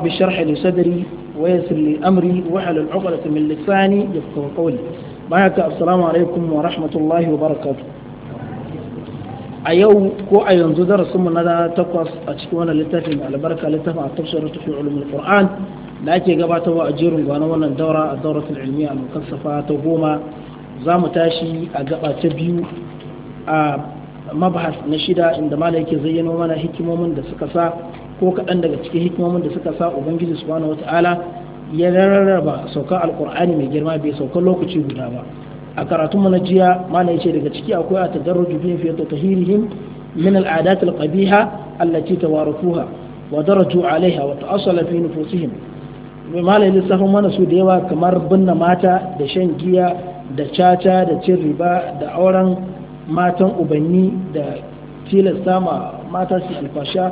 بشرح لصدري ويسر لي أمري وحل عقدة من لساني يفقه قولي معك السلام عليكم ورحمة الله وبركاته a yau ko a yanzu darasinmu na da takwas a cikin wannan littafin albarka littafin a tafsirar tafi ulumul qur'an da ake gabatarwa a jerin gwanon wannan daura a dauratul ilmiya al mukassafa ta goma za mu tashi a gaba ta biyu a mabahas na shida inda malai yake zayyano mana hikimomin da suka sa ko kaɗan daga cikin hikimomin da suka sa ubangiji subhanahu wataala ya rarraba sauka alkur'ani mai girma bai sauka lokaci guda ba a karatun mu na jiya mana yace daga ciki akwai a tadarruju bi fi tatahirihim min al'adat alqabiha allati tawarathuha wa daraju alaiha wa ta'assala fi nufusihim mala lissafin mana su da yawa kamar binne mata da shan giya da caca da cin riba da auren matan ubanni da tilasta ma mata su alfasha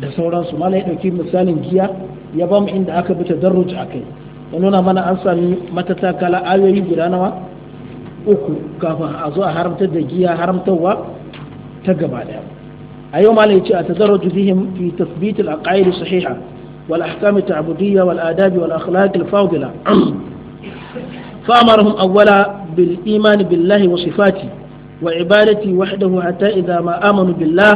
da sauransu mala ya ɗauki misalin giya ya ba mu inda aka bi tadarruj a kai ya nuna mana an sami matatakala ayoyi guda nawa uku kafin a zo a haramtar da giya haramtarwa ta gaba ɗaya a yau mala ya ce a tadarruj bihim fi tasbitil aqaid sahiha wal ahkam ta'budiyya wal adabi wal akhlaq al fadila فأمرهم أولا بالإيمان بالله وصفاته وعبادته وحده حتى إذا ما آمنوا بالله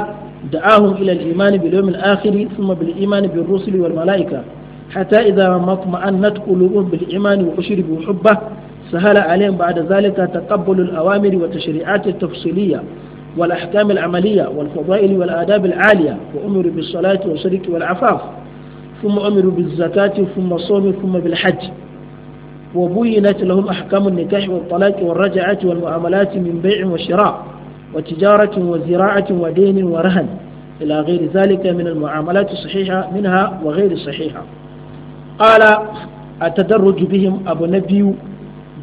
دعاهم إلى الإيمان باليوم الآخر ثم بالإيمان بالرسل والملائكة حتى إذا ما اطمأنت قلوبهم بالإيمان وأشربوا حبه سهل عليهم بعد ذلك تقبل الأوامر والتشريعات التفصيلية والأحكام العملية والفضائل والآداب العالية وأمروا بالصلاة والصدق والعفاف ثم أمروا بالزكاة ثم الصوم ثم بالحج وبينت لهم أحكام النكاح والطلاق والرجعة والمعاملات من بيع وشراء وتجارة وزراعة ودين ورهن إلى غير ذلك من المعاملات الصحيحة منها وغير الصحيحة قال التدرج بهم أبو نبي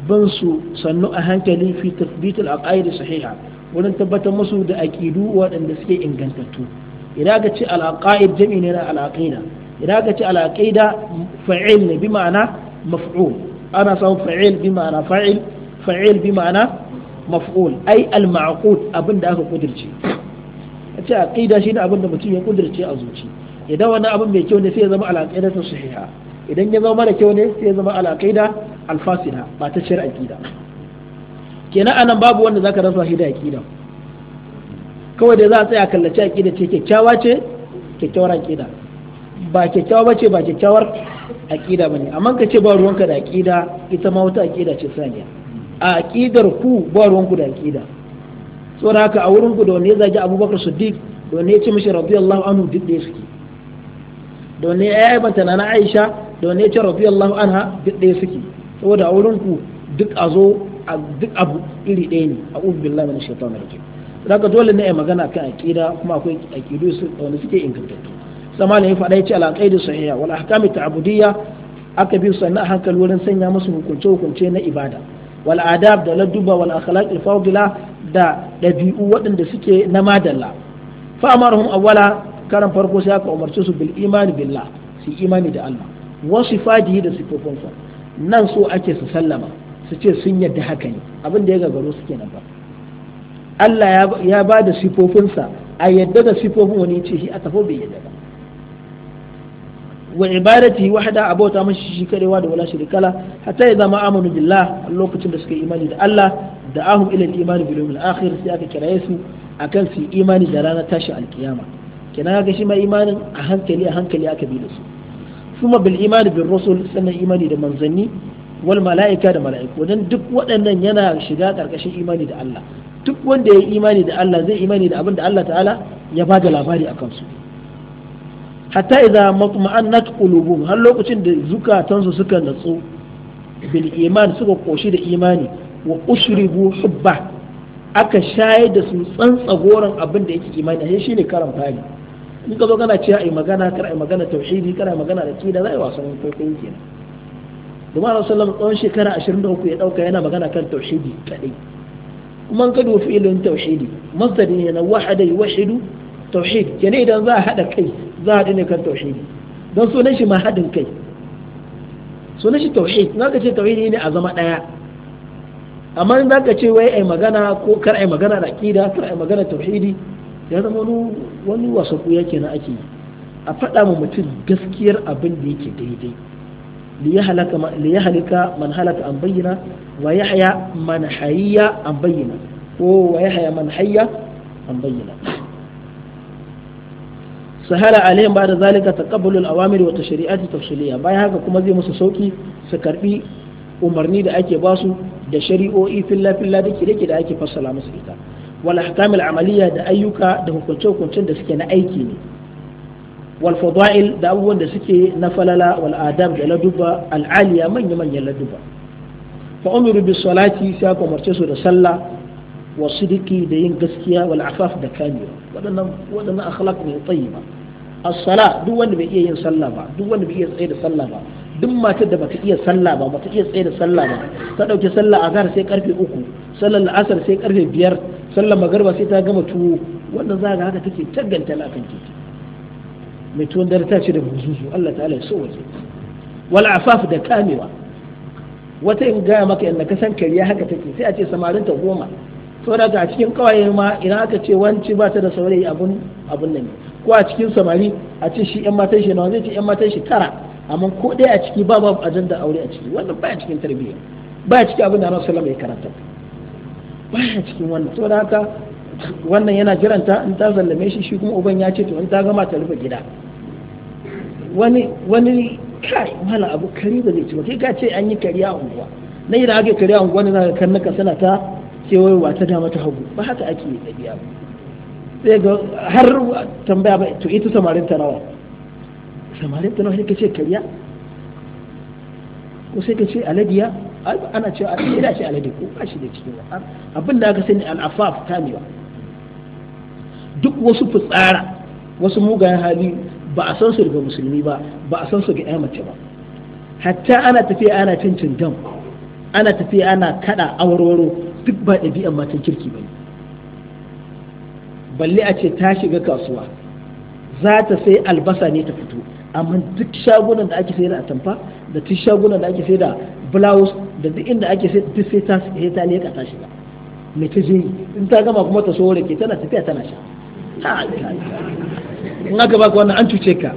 بنسو سنو أهنكلي في تثبيت العقائد الصحيحة ولن تبت مسو دا أكيدو وأن دسكي إن كنتتو إذا قلت العقائد جميعنا العقيدة إذا قلت العقيدة فعل بمعنى مفعول أنا صوب فعيل بمعنى فعل فعيل بمعنى maf'ul ai al-ma'qud abin da aka kudirce ce aqida shine abin da mutum ya kudirce a zuci idan wani abin mai kyau ne sai ya zama al ta sahiha idan ya zama mara kyau ne sai ya zama al-aqida al-fasida ba ta shar aqida kenan anan babu wanda zaka rasa shi da aqida kawai da za a tsaya kallace aqida ce kyakkyawa ce kyakkyawar aqida ba kyakkyawa bace ba kyakkyawar aqida bane amma ka ce ba ruwanka da aqida ita ma wata aqida ce saniya a aqidar ku ba ruwan ku da aqida saboda haka a wurin ku da wanne zagi Abubakar Siddiq da wani ya ce mishi radiyallahu anhu duk da suke da wani ya yi aibanta na Aisha da wani ya ce radiyallahu anha duk da suke saboda a wurin ku duk a zo duk abu iri ɗaya ne a ubi billahi na shaitanir da haka dole ne yi magana kan aqida kuma akwai da wani suke ingantattu sama ne faɗa ya ce al sahiya wala wal ahkam ta'budiyya aka bi sannan hankali wurin sanya musu hukunce hukunce na ibada wal adab da ladduba wal akhlaq al fadila da dabi'u waɗanda suke na madalla fa amarhum awwala karan farko sai aka umarce su bil imani billah su imani da Allah wa sifatihi da sifofinsa nan so ake su sallama su ce sun yadda haka ne abin da ya gagaro su kenan ba Allah ya ba da sifofinsa a yadda da sifofin wani ce shi a tafo bai yadda ba wa ibadatihi wahda abota mashi shi karewa da wala shirikala hatta ya zama amanu billah lokacin da suka imani da Allah da ahum ila imani bil yawmil akhir sai aka kiraye su akan su imani da ranar tashi alkiyama kenan ga ma imanin a hankali a hankali aka bi da su kuma bil imani bil rusul sannan imani da manzanni wal mala'ika da mala'iku wajen duk waɗannan yana shiga ƙarƙashin imani da Allah duk wanda ya yi imani da Allah zai imani da abin da Allah ta'ala ya bada da labari a kansu hatta idza matma'annat qulubuhum har lokacin da zukatansu suka natsu bil iman suka koshi da imani wa ushribu hubba aka shayar da su tsantsagoran abin da yake imani ashe shine karan fari in ka zo kana cewa ai magana kar ai magana tauhidi kar ai magana da kida zai wasan kwaikwayo kenan Dama Allah sallam tsawon shekara 23 ya dauka yana magana kan tauhidi kadai kuma ka dubi ilmin tauhidi masdari ne na wahada yuwahidu tauhid kenan idan za a hada kai za a ne kan tauhidi don sunan shi ma haɗin kai sunan shi tauhid na ka ce tauhidi ne a zama ɗaya amma in za ka ce wai ai magana ko kar ai magana da aƙida kar ai magana tauhidi ya zama wani wasaku yake na ake yi a faɗa ma mutum gaskiyar abin da yake daidai li ya halika man halaka an bayyana wa ya haya man hayya an bayyana ko wa ya haya man hayya an bayyana sahala alaihim ba da zalika taqabbalul awamir wa tashri'ati tafsiliya bayan haka kuma zai musu sauki su karbi umarni da ake basu da shari'o'i filla filla da kire da ake fassala musu ita wal ahkamil amaliya da ayyuka da hukunce hukuncen da suke na aiki ne wal fadail da abubuwan da suke na falala wal adab da ladubba al aliya manya manyan ladubba fa umiru bis salati sai aka umarce su da sallah wa sidiki da yin gaskiya wal afaf da kamewa waɗannan waɗannan akhlaq ne ba as-sala duk wanda bai iya yin sallah ba duk wanda bai iya tsaye da sallah ba duk matar da bata iya sallah ba bata iya tsaye da sallah ba ta dauke sallah azhar sai karfe uku sallar asar sai karfe biyar sallar magarba sai ta gama tuwo wannan za ga haka take tagganta lafin ki mai tuwon dare ta ce da buzuzu Allah ta'ala ya so waje wal afaf da kamewa wata in gaya maka yanda ka san kariya haka take sai a ce samarin ta goma so daga a cikin kawaye ma idan aka ce wanci ba ta da saurayi abun abun nan ko a cikin samari a ce shi yan matan shi na zai ce yan matan shi tara amma ko dai a ciki ba babu ajanda aure a ciki wannan baya cikin tarbiyya baya cikin abin da Annabi sallallahu alaihi wasallam ya karanta baya cikin wannan so haka wannan yana jiranta in ta zallame shi shi kuma uban ya ce to in ta gama ta rufe gida wani wani kai mala abu kari ba zai ci ba kai ka ce an yi kariya unguwa na yi da aka kariya unguwa ne na karnuka suna ta sai wa ta dama ta hagu ba haka ake ɗabi'a sai ga har tambaya ba to ita samarin ta nawa samarin ta nawa sai ka ce karya ko sai ka ce aladiya ana cewa a ɗaya ce aladi ko ba shi da cikin abin da aka sani al'afaf kamewa duk wasu fitsara wasu mugayen hali ba a san su daga musulmi ba ba a san su ga mace ba hatta ana tafiya ana cin cin dam ana tafiya ana kada awarwaro duk ba ɗabi'an matan kirki ba balle a ce ta shiga kasuwa za ta sai albasa ne ta fito amma duk shagunan da ake sai da atamfa da duk shagunan da ake sai da blouse da duk inda ake sai duk sai ta sai ta leka ta shiga me ta je in ta gama kuma ta so ke tana tafiya tana sha in aka baka wannan an cuce ka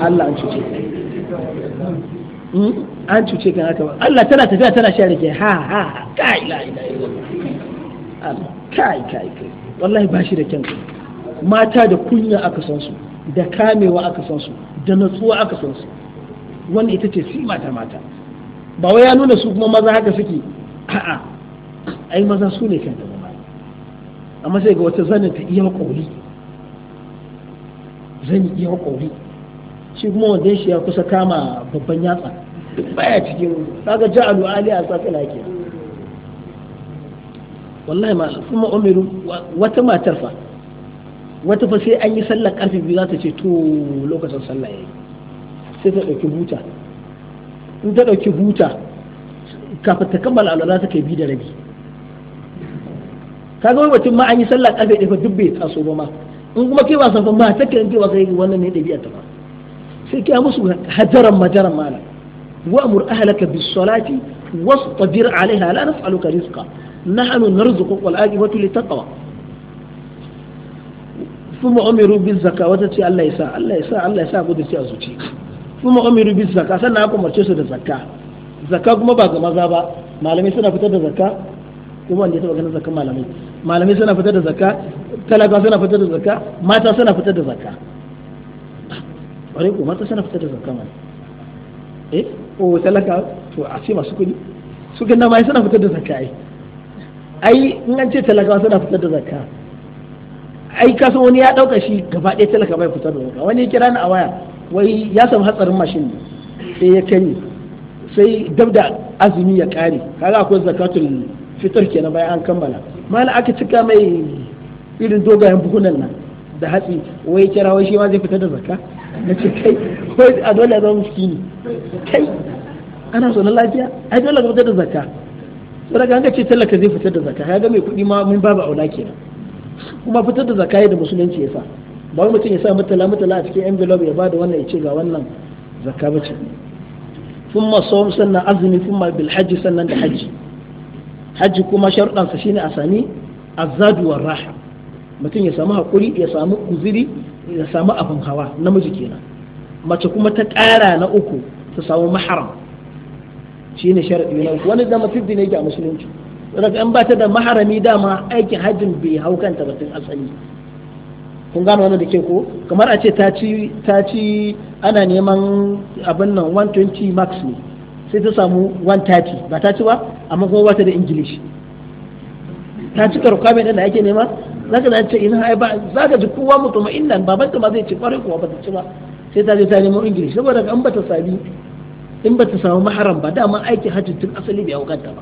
Allah an cuce ka an cuce kan haka ba Allah tana tafiya tana share ke ha ha ha kai la ilaha illallah kai kai kai wallahi ba shi da kyan mata da kunya aka san su da kamewa aka san su da natsuwa aka san su wanda ita ce si mata mata ba wai ya nuna su kuma maza haka suke a'a ai maza su ne kan gaba amma sai ga wata zanin ta iya kauli zan iya kauli shi kuma wanda shi ya kusa kama babban yatsa duk baya cikin kaga ja'alu aliya safila ke wallahi ma kuma umiru wata matar fa wata fa sai an yi sallar karfe biyu za ta ce to lokacin sallah yayi sai ta dauki huta in ta dauki huta kafin ta kammala alwala ta kai bi da rabi kaga wai mutum ma an yi sallar karfe ɗaya fa duk bai taso ba ma in kuma kai ba san fa ma ta kai ba kai wannan ne ɗabi'a ta ba sai kai musu hajaran majaran malam وأمر أهلك بالصلاة واصطبر عليها لا نسألك رزقا نحن نرزق والآجبة للتقوى ثم أمروا بالزكاة وتتي الله يسا الله يسا الله يسا قد يسا أزوتي ثم أمروا بالزكاة سنة أكو مرشيسة الزكاة زكاة كما ما زابا ما لم يسنا فتر الزكاة كما أن يتبقى زكاة ما لم ما لم يسنا فتر الزكاة تلقى سنة فتر الزكاة ما تسنا فتر الزكاة وريكو ما تسنا فتر الزكاة إيه o talaka to a ce masu kuɗi su ganna ma suna fitar da zakka ai ai in an ce talakawa suna fitar da zakka ai ka san wani ya dauka shi gaba ɗaya talaka bai fitar da zakka wani ya kira ni a waya wai ya samu hatsarin mashin ne sai ya kani sai dab da azumi ya kare kaga akwai zakatul fitar kenan bayan an kammala mala aka cika mai irin dogayen buhunan nan da hatsi wai kira wai shi ma zai fitar da zakka na ce kai ko a dole zama ne kai ana so na lafiya ai dole ka fitar da zakka So daga hanga ce talaka zai fitar da zaka. ya ga mai kuɗi ma mun babu aula kenan kuma fitar da zakka da musulunci ya sa ba wani mutum ya sa mutala mutala a cikin envelope ya ba da wannan ya ce ga wannan zakka ce. sun masom sannan azumi sun ma bil sannan da hajji hajji kuma sharɗansa shine a sami azaduwar raha mutum ya samu haƙuri ya samu kuziri ya samu abin hawa namiji kenan mace kuma ta ƙara na uku ta samu maharam shi ne sharaɗi na uku wani dama fiddi ne ga musulunci daga bata ba da maharami dama aikin hajjin bai hau kanta batun asali kun gano wannan da ke ko kamar a ce ta ci ana neman abin nan 120 max ne sai ta samu 130 ba ta ci ba amma kuma wata da ingilishi ta ci rukamin da ake nema zaka da ce ina ai ba zaka ji kowa mutuma'innan baban ka ma zai ci kwarai kuwa ba ta ci ba sai ta je ta nemo ingilishi saboda an ba ta in ba samu maharam ba dama aikin hajji tun asali bai aukanta ba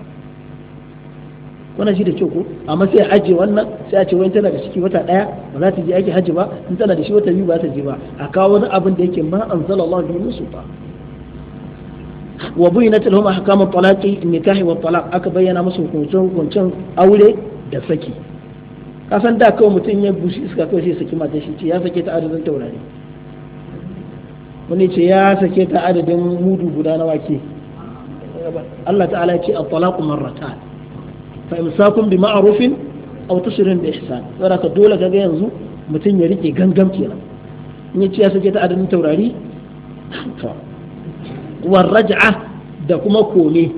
wannan shi da kyau ko amma sai a ajiye wannan sai a ce wani tana da ciki wata daya ba za ta je aikin hajji ba in tana da shi wata biyu ba za ta je ba a kawo wani abin da yake ma anzalallahu bihi sultan wa bayyinat lahum ahkamu talaqi nikahi wa talaq aka bayyana musu hukuncin aure da saki ka san da kawai mutum ya bushe iska kawai sai saki mata shi ce ya sake ta adadin taurari wani ce ya sake ta adadin mudu guda na wake Allah ta'ala ce at-talaqu marratan fa imsakun bi ma'rufin aw tusrun bi ihsan saboda ka dole kaga yanzu mutum ya rike gangam kenan in ya ce ya sake ta adadin taurari to war raj'a da kuma kome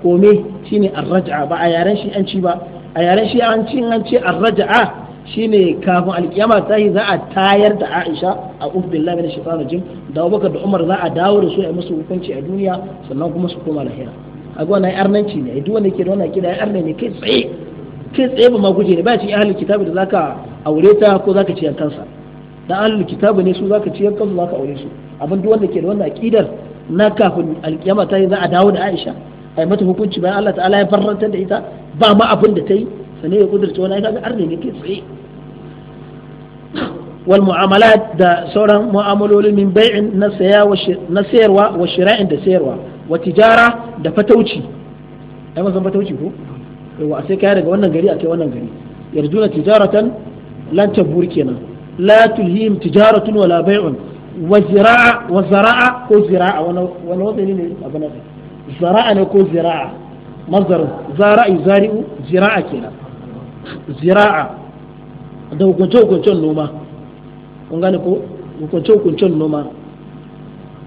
kome shine ar-raj'a ba a yaren shi an ci ba a yaren shi an ci an ce shi ne kafin alkiyama ta yi za a tayar da Aisha a lamina shi fara jin da Abubakar da Umar za a dawo da su a musu hukunci a duniya sannan kuma su koma lahira a ga wannan arnanci ne duk wanda ke da wannan kida arna ne kai tsaye kai tsaye ba ma guje ne ba ci ahlul kitabi da zaka aure ta ko zaka ci kansa dan ahlul kitabi ne su zaka ci kansu zaka aure su abin duk wanda ke da wannan akidar na kafin alkiyama ta yi za a dawo da Aisha a yi mata hukunci bayan Allah ta'ala ya farrantar da ita ba ma abin da ta yi sannan ya kudurta wani kaga arne ne ke tsaye wal mu'amalat da sauran mu'amalolin min bai'in na sayarwa wa shira'in da sayarwa wa tijara da fatauci ai mazan san fatauci ko yawa sai kai daga wannan gari a kai wannan gari yarjuna tijaratan lan tabur kenan la tulhim tijaratun wala bai'un wa zira'a wa zara'a ko zira'a wani wani ne abin nan zara'a ne ko zira'a Mazar zara'i zari'u zira'a kenan zira'a da hukunce hukuncen noma kun gane ko hukunce hukuncen noma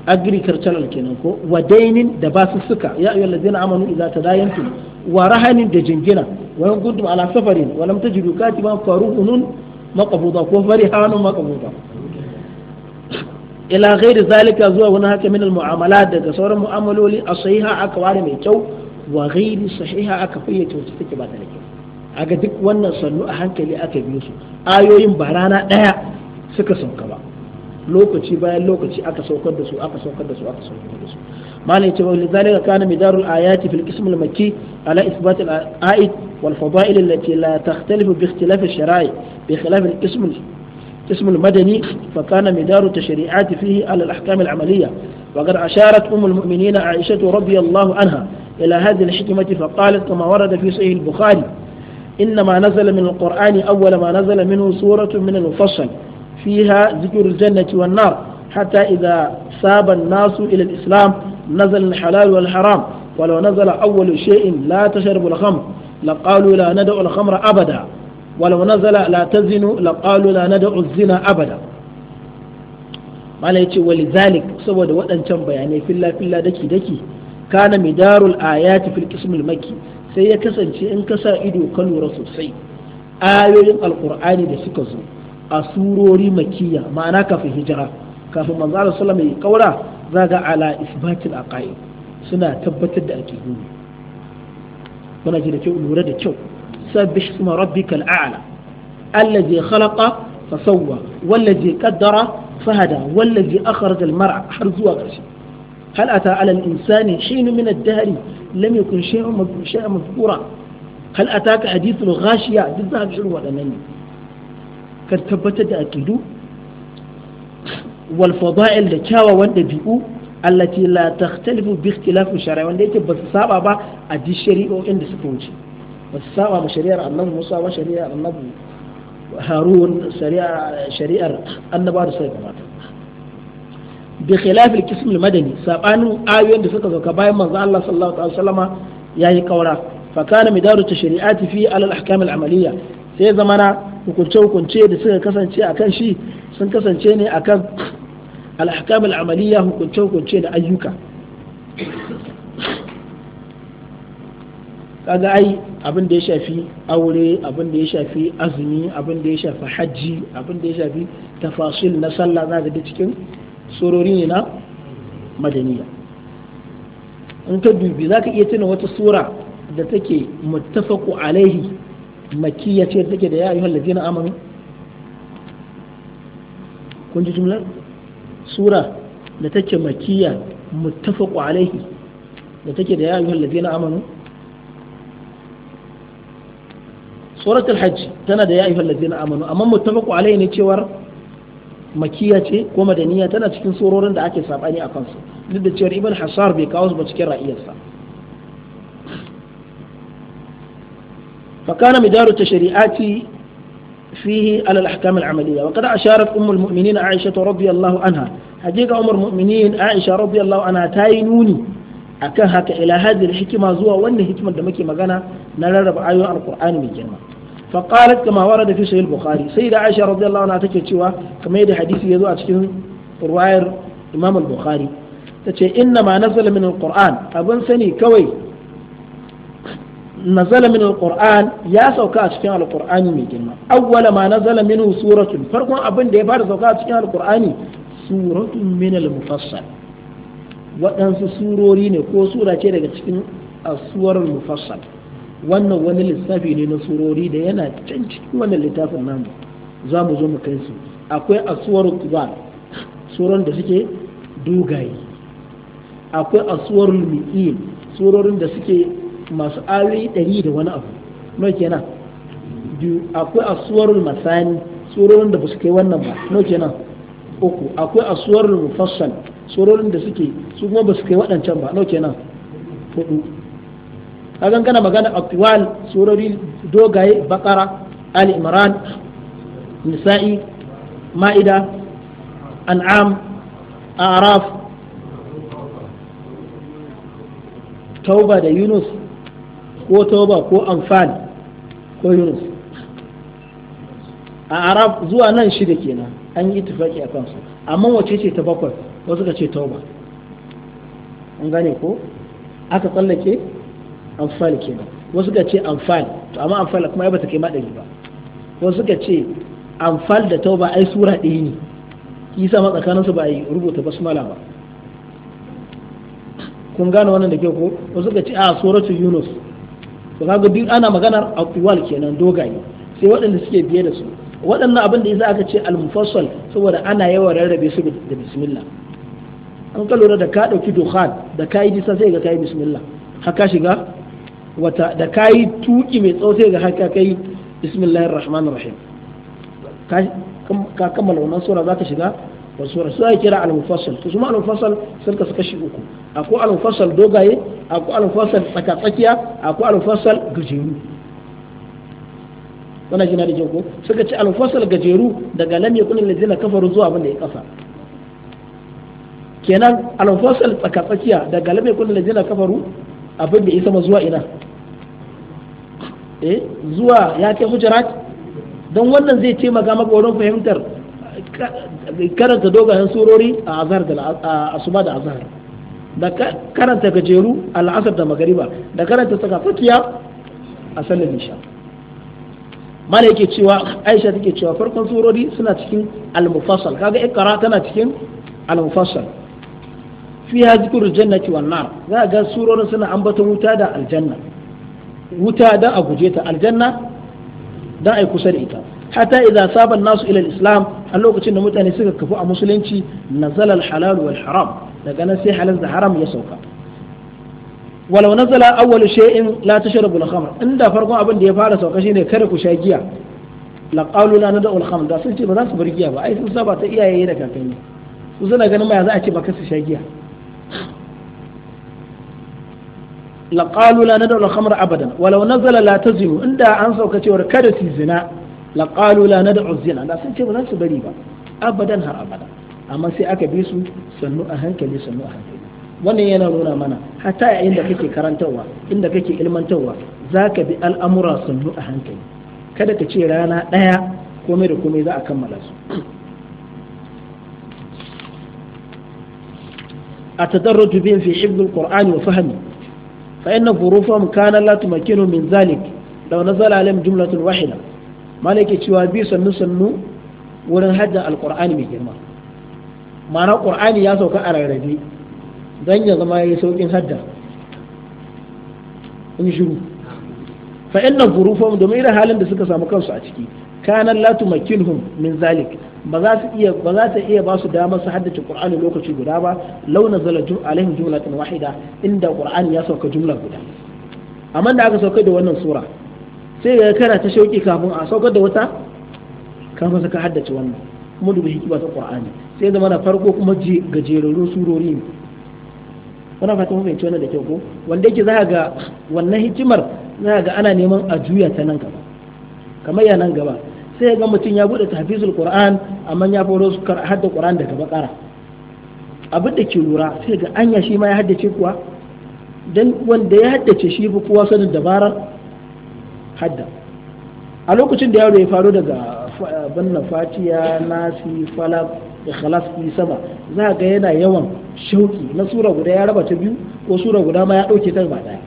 agricultural kenan ko wa dainin da ba su suka ya ayyuhal ladzina amanu idza tadayantum wa rahanin da jingina wa in kuntum ala safarin wa lam tajidu katiban faruhunun maqbuda ko farihanun maqbuda ila ghairi zalika zuwa wani haka min mu'amalat daga sauran mu'amaloli a sahiha aka ware mai kyau wa ghairi sahiha aka fayyace wacce take ba ta da kyau aga duk wannan sannu a hankali aka biyo su ayoyin ba rana daya suka sauka ba lokaci bayan lokaci aka saukar da su aka saukar da su aka saukar da su malai ce wani zalika kana midarul ayati fil qism al makki ala isbat al aid wal fadail allati la takhtalifu bi ikhtilaf al shara'i bi khilaf al qism اسم المدني فكان مدار التشريعات فيه على الأحكام العملية وقد أشارت أم المؤمنين عائشة رضي الله عنها إلى هذه الحكمة فقالت كما ورد في صحيح البخاري إنما نزل من القرآن أول ما نزل منه سورة من المفصل فيها ذكر الجنة والنار حتى إذا ساب الناس إلى الإسلام نزل الحلال والحرام ولو نزل أول شيء لا تشرب الخمر لقالوا لا ندع الخمر أبدا walau nazala la tazinu la qalu la nad'u zina abada mala yace wali zalik saboda waɗancan bayanai filla filla daki daki kana midarul ayati fil qismil sai ya kasance in ka sa ido ka lura sosai ayoyin alqur'ani da suka zo a surori makiyya ma'ana kafin hijira kafin manzo Allah sallallahu alaihi kaura zaga ala isbatil aqaid suna tabbatar da aqidu kuna ji da kyau lura da kyau سبح اسم ربك الأعلى الذي خلق فسوى والذي قدر فهدى والذي أخرج المرعى حرزوا غشي هل أتى على الإنسان حين من الدهر لم يكن شيء شيئا مذكورا هل أتاك حديث الغاشية بالذهب شنو ودنني مني كتبت أكيدو والفضائل لكاوى والنبيئو التي لا تختلف باختلاف الشرع وان ديك بس صعبة با أدي وإن ba su saba ma shari'ar annabi musa ba shari'ar annabi harun shari'ar da suka kamata bi khilaf al al-madani sabanin ayoyin da suka sauka bayan manzo Allah sallallahu alaihi wasallama yayi kaura fa kana midaru tashri'ati fi al-ahkam al-amaliyya sai zamana hukunce hukunce da suka kasance akan shi sun kasance ne akan al-ahkam al-amaliyya hukunce hukunce da ayyuka kaga ai abin da ya shafi aure abin da ya shafi azumi abin da ya shafi hajji abin da ya shafi tafasil na sallah za ga cikin surori ne na madaniya in ka dubi za ka iya tuna wata sura da take muttafaku alaihi makiyya ce take da yayi ayyuhal ladina amanu kun ji jumlar sura da take makiyya muttafaku alaihi da take da yayi ayyuhal ladina amanu suratul hajji tana da ya ayyuhal ladzina amanu amma muttafaqu alayhi ne cewar makiya ce ko madaniya tana cikin surorin da ake sabani a kansu duk da cewar ibn hasar bai kawo su ba cikin ra'iyarsa فكان مدار التشريعات فيه على الأحكام العملية وقد أشارت أم المؤمنين عائشة رضي الله عنها حقيقة أم المؤمنين عائشة رضي الله عنها تاينوني akan haka ila hadhihi hikima zuwa wannan hikimar da muke magana na rarraba ayoyin alkur'ani mai girma fa qalat kama warada fi sahih bukhari sayyida aisha radiyallahu anha take cewa kamar yadda hadisi yazo a cikin ruwayar imam al-bukhari tace inna ma nazala min alqur'an abun sani kawai nazala min alqur'an ya sauka a cikin alqur'ani mai girma awwala ma nazala minhu suratun farkon abin da ya fara sauka a cikin alqur'ani suratun min al-mufassal waɗansu surori ne ko sura ce daga cikin asuwarar mufassal wannan wani lissafi ne na surori da yana can cikin wannan littafin namu za mu zo mu kai su akwai asuwar kubar surorin da suke dogaye akwai asuwar lumi'in surorin da suke masu ayoyi ɗari da wani abu no kenan biyu akwai asuwar masani surorin da ba su kai wannan ba no kenan uku akwai asuwar mufassal surorin da suke su kuma ba su kai waɗancan ba nau kenan hudu kagan kana magana aktiwal surori dogaye bakara ali imran nisa'i ma'ida an'am araf tauba da yunus ko tauba ko amfani ko yunus a arab zuwa nan shida kenan an yi tufaki a kansu amma wace ce ta bakwai wasu ka ce tauba an gane ko aka tsallake ke kenan wasu ka ce amfani, to amma amfani kuma ya bata kai madari ba wasu ka ce amfani da tauba ai sura ɗaya ne isa ma tsakaninsu ba a yi rubuta basmala ba kun gane wannan da ke ko wasu ka ce a suratul yunus to kaga duk ana maganar atwal kenan dogaye sai waɗanda suke biye da su waɗannan abin da yasa aka ce al-mufassal saboda ana yawan rarrabe su da bismillah an ka lura da ka ɗauki dukhan da ka yi nisa sai ga ka yi bismillah haka shiga wata da ka yi tuki mai tsawo sai ga haka ka yi bismillahir rahmanir rahim ka kammala wannan sura za ka shiga wasu sura sai kira al-mufassal to kuma al-mufassal sai ka shi uku akwai al-mufassal dogaye akwai al-mufassal tsaka tsakiya akwai al-mufassal gajeru wannan jina da jinko suka ce al-mufassal gajeru daga lam yakun allazina kafaru zuwa abin da ya kafa kenan alfasal tsaka tsakiya da galibai kullum da jina kafaru abin da isa ma zuwa ina eh zuwa ya kai hujurat don wannan zai taimaka maka wurin fahimtar karanta dogayen surori a azhar da asuba da azhar da karanta gajeru la'asar da magariba da karanta tsaka tsakiya a sallar isha mana yake cewa aisha take cewa farkon surori suna cikin al-mufassal kaga ikra tana cikin al-mufassal fiha zikrul jannati wan nar za ga surorin suna ambaton wuta da aljanna wuta dan a guje ta aljanna dan ai kusa da ita hatta idan saban nasu ilal islam a lokacin da mutane suka kafu a musulunci na zalal halal wal haram daga nan sai halal da haram ya sauka walau zala awwal shay'in la tashrabu al khamr inda farkon abin da ya fara sauka shine kada ku sha giya la qalu la nadu al khamr da sun ce ba za su bar giya ba ai sun saba ta iyaye da kakanni su suna ganin ma za a ce ba ka su sha giya لقالوا لا ندعو الخمر أبدا ولو نزل لا تزنوا عند أن سوك سوكتي وركدت الزنا لقالوا لا ندعو الزنا لا سن سنتي بري با أبدا ها أبدا أما سي اكا بيسو سنو أهنكلي سنو أهنكلي wannan yana nuna mana hatta a inda kake karantarwa inda kake ilmantarwa za ka bi al'amura sannu a hankali kada ka ce rana ɗaya komai da komai za a kammala su a tadarrutu bin fi ibn qur'ani wa fahmi فإن ظروفهم كان لا تمكن من ذلك لو نزل عليهم جملة واحدة مالك تشوابي سنو سنو wurin hajjar alkur'ani mai girma ma'ana ƙur'ani ya sauka a rarrabe don zama ya saukin hada. in shiru fa inna zurufahum domin irin halin da suka samu kansu a ciki kanan latu makinhum min zalik ba za su iya ba za ta iya ba su damar su haddace Qur'ani lokaci guda ba law nazala alaihim jumlatan wahida inda Qur'ani ya sauka jumla guda amma da aka sauka da wannan sura sai ga kana ta shauki kafin a saukar da wata kafin saka haddace wannan kuma dubi hikima ta Qur'ani sai zama mana farko kuma gajerarru surori ne wannan fata mun fahimci wannan da kyau ko wanda yake za ga wannan hikimar za ga ana neman a juya ta nan gaba kamar ya nan gaba sai ga mutum ya bude tahfizul qur'an amma ya faro su hadda qur'an daga bakara abin da ke lura sai ga anya shi ma ya haddace kuwa dan wanda ya haddace shi fi kowa sanin dabarar hadda a lokacin da yaro ya faro daga banna fatiya nasi falak ikhlas fi sama za ga yana yawan shauki na sura guda ya raba ta biyu ko sura guda ma ya dauke ta ba daya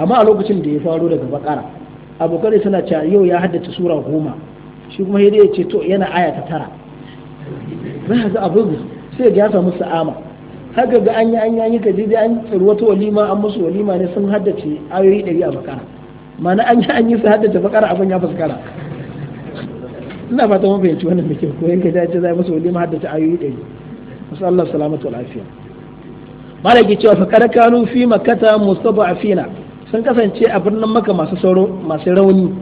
amma a lokacin da ya faro daga bakara abokan suna cewa yau ya haddace sura goma shi kuma ya ce to yana aya ta tara za ga abu sai ga ya samu sa'ama haka ga anya yi an yi kaji an tsaro wata walima an musu walima ne sun haddace ayoyi ɗari a bakara mana an yi an yi sun haddace bakara abin ya fuskara ina fata mun fahimci wannan da kyau ko yanka ka dace za musu walima haddace ayoyi ɗari masu Allah salamatu wal malaki cewa fa kada kanu fi makata sun kasance a birnin maka masu sauro masu rauni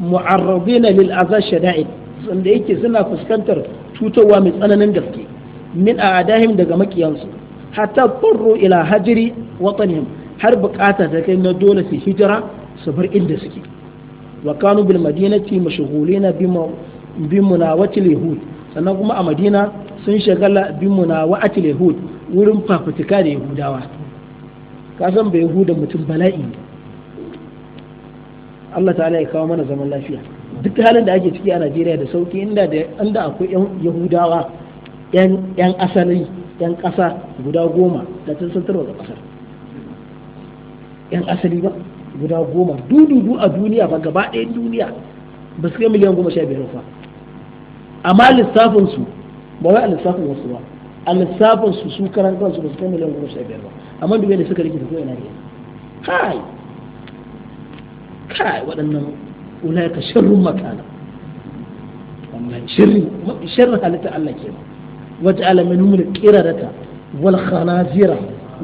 mu'arrabina lil azab shada'id sanda yake suna fuskantar cutarwa mai tsananin gaske min a'dahim daga makiyansu hatta tarru ila hajiri, watanihim har bukata ta kai na dole su hijira su bar inda suke wa kanu bil madinati mashghulina bi munawatil yahud sannan kuma a madina sun shagala bi munawatil yahud wurin fafutuka da yahudawa ka san bai huda mutum bala'i Allah ta'ala ya kawo mana zaman lafiya duk halin da ake ciki a Najeriya da sauki inda da inda akwai yan Yahudawa yan yan asali yan ƙasa guda goma da sun san tarwa ƙasar yan asali ba guda goma dududu a duniya ba gaba ɗaya duniya ba su kai miliyan goma sha biyar ba amma lissafin su ba wai a lissafin wasu ba a lissafin su su karan kansu ba su kai miliyan goma sha biyar ba amma dubai da suka rikita ko'ina ne kai kai waɗannan ulai ka sharrun makana shirin halitta Allah ke wata alamin mun kirarata wal khanazira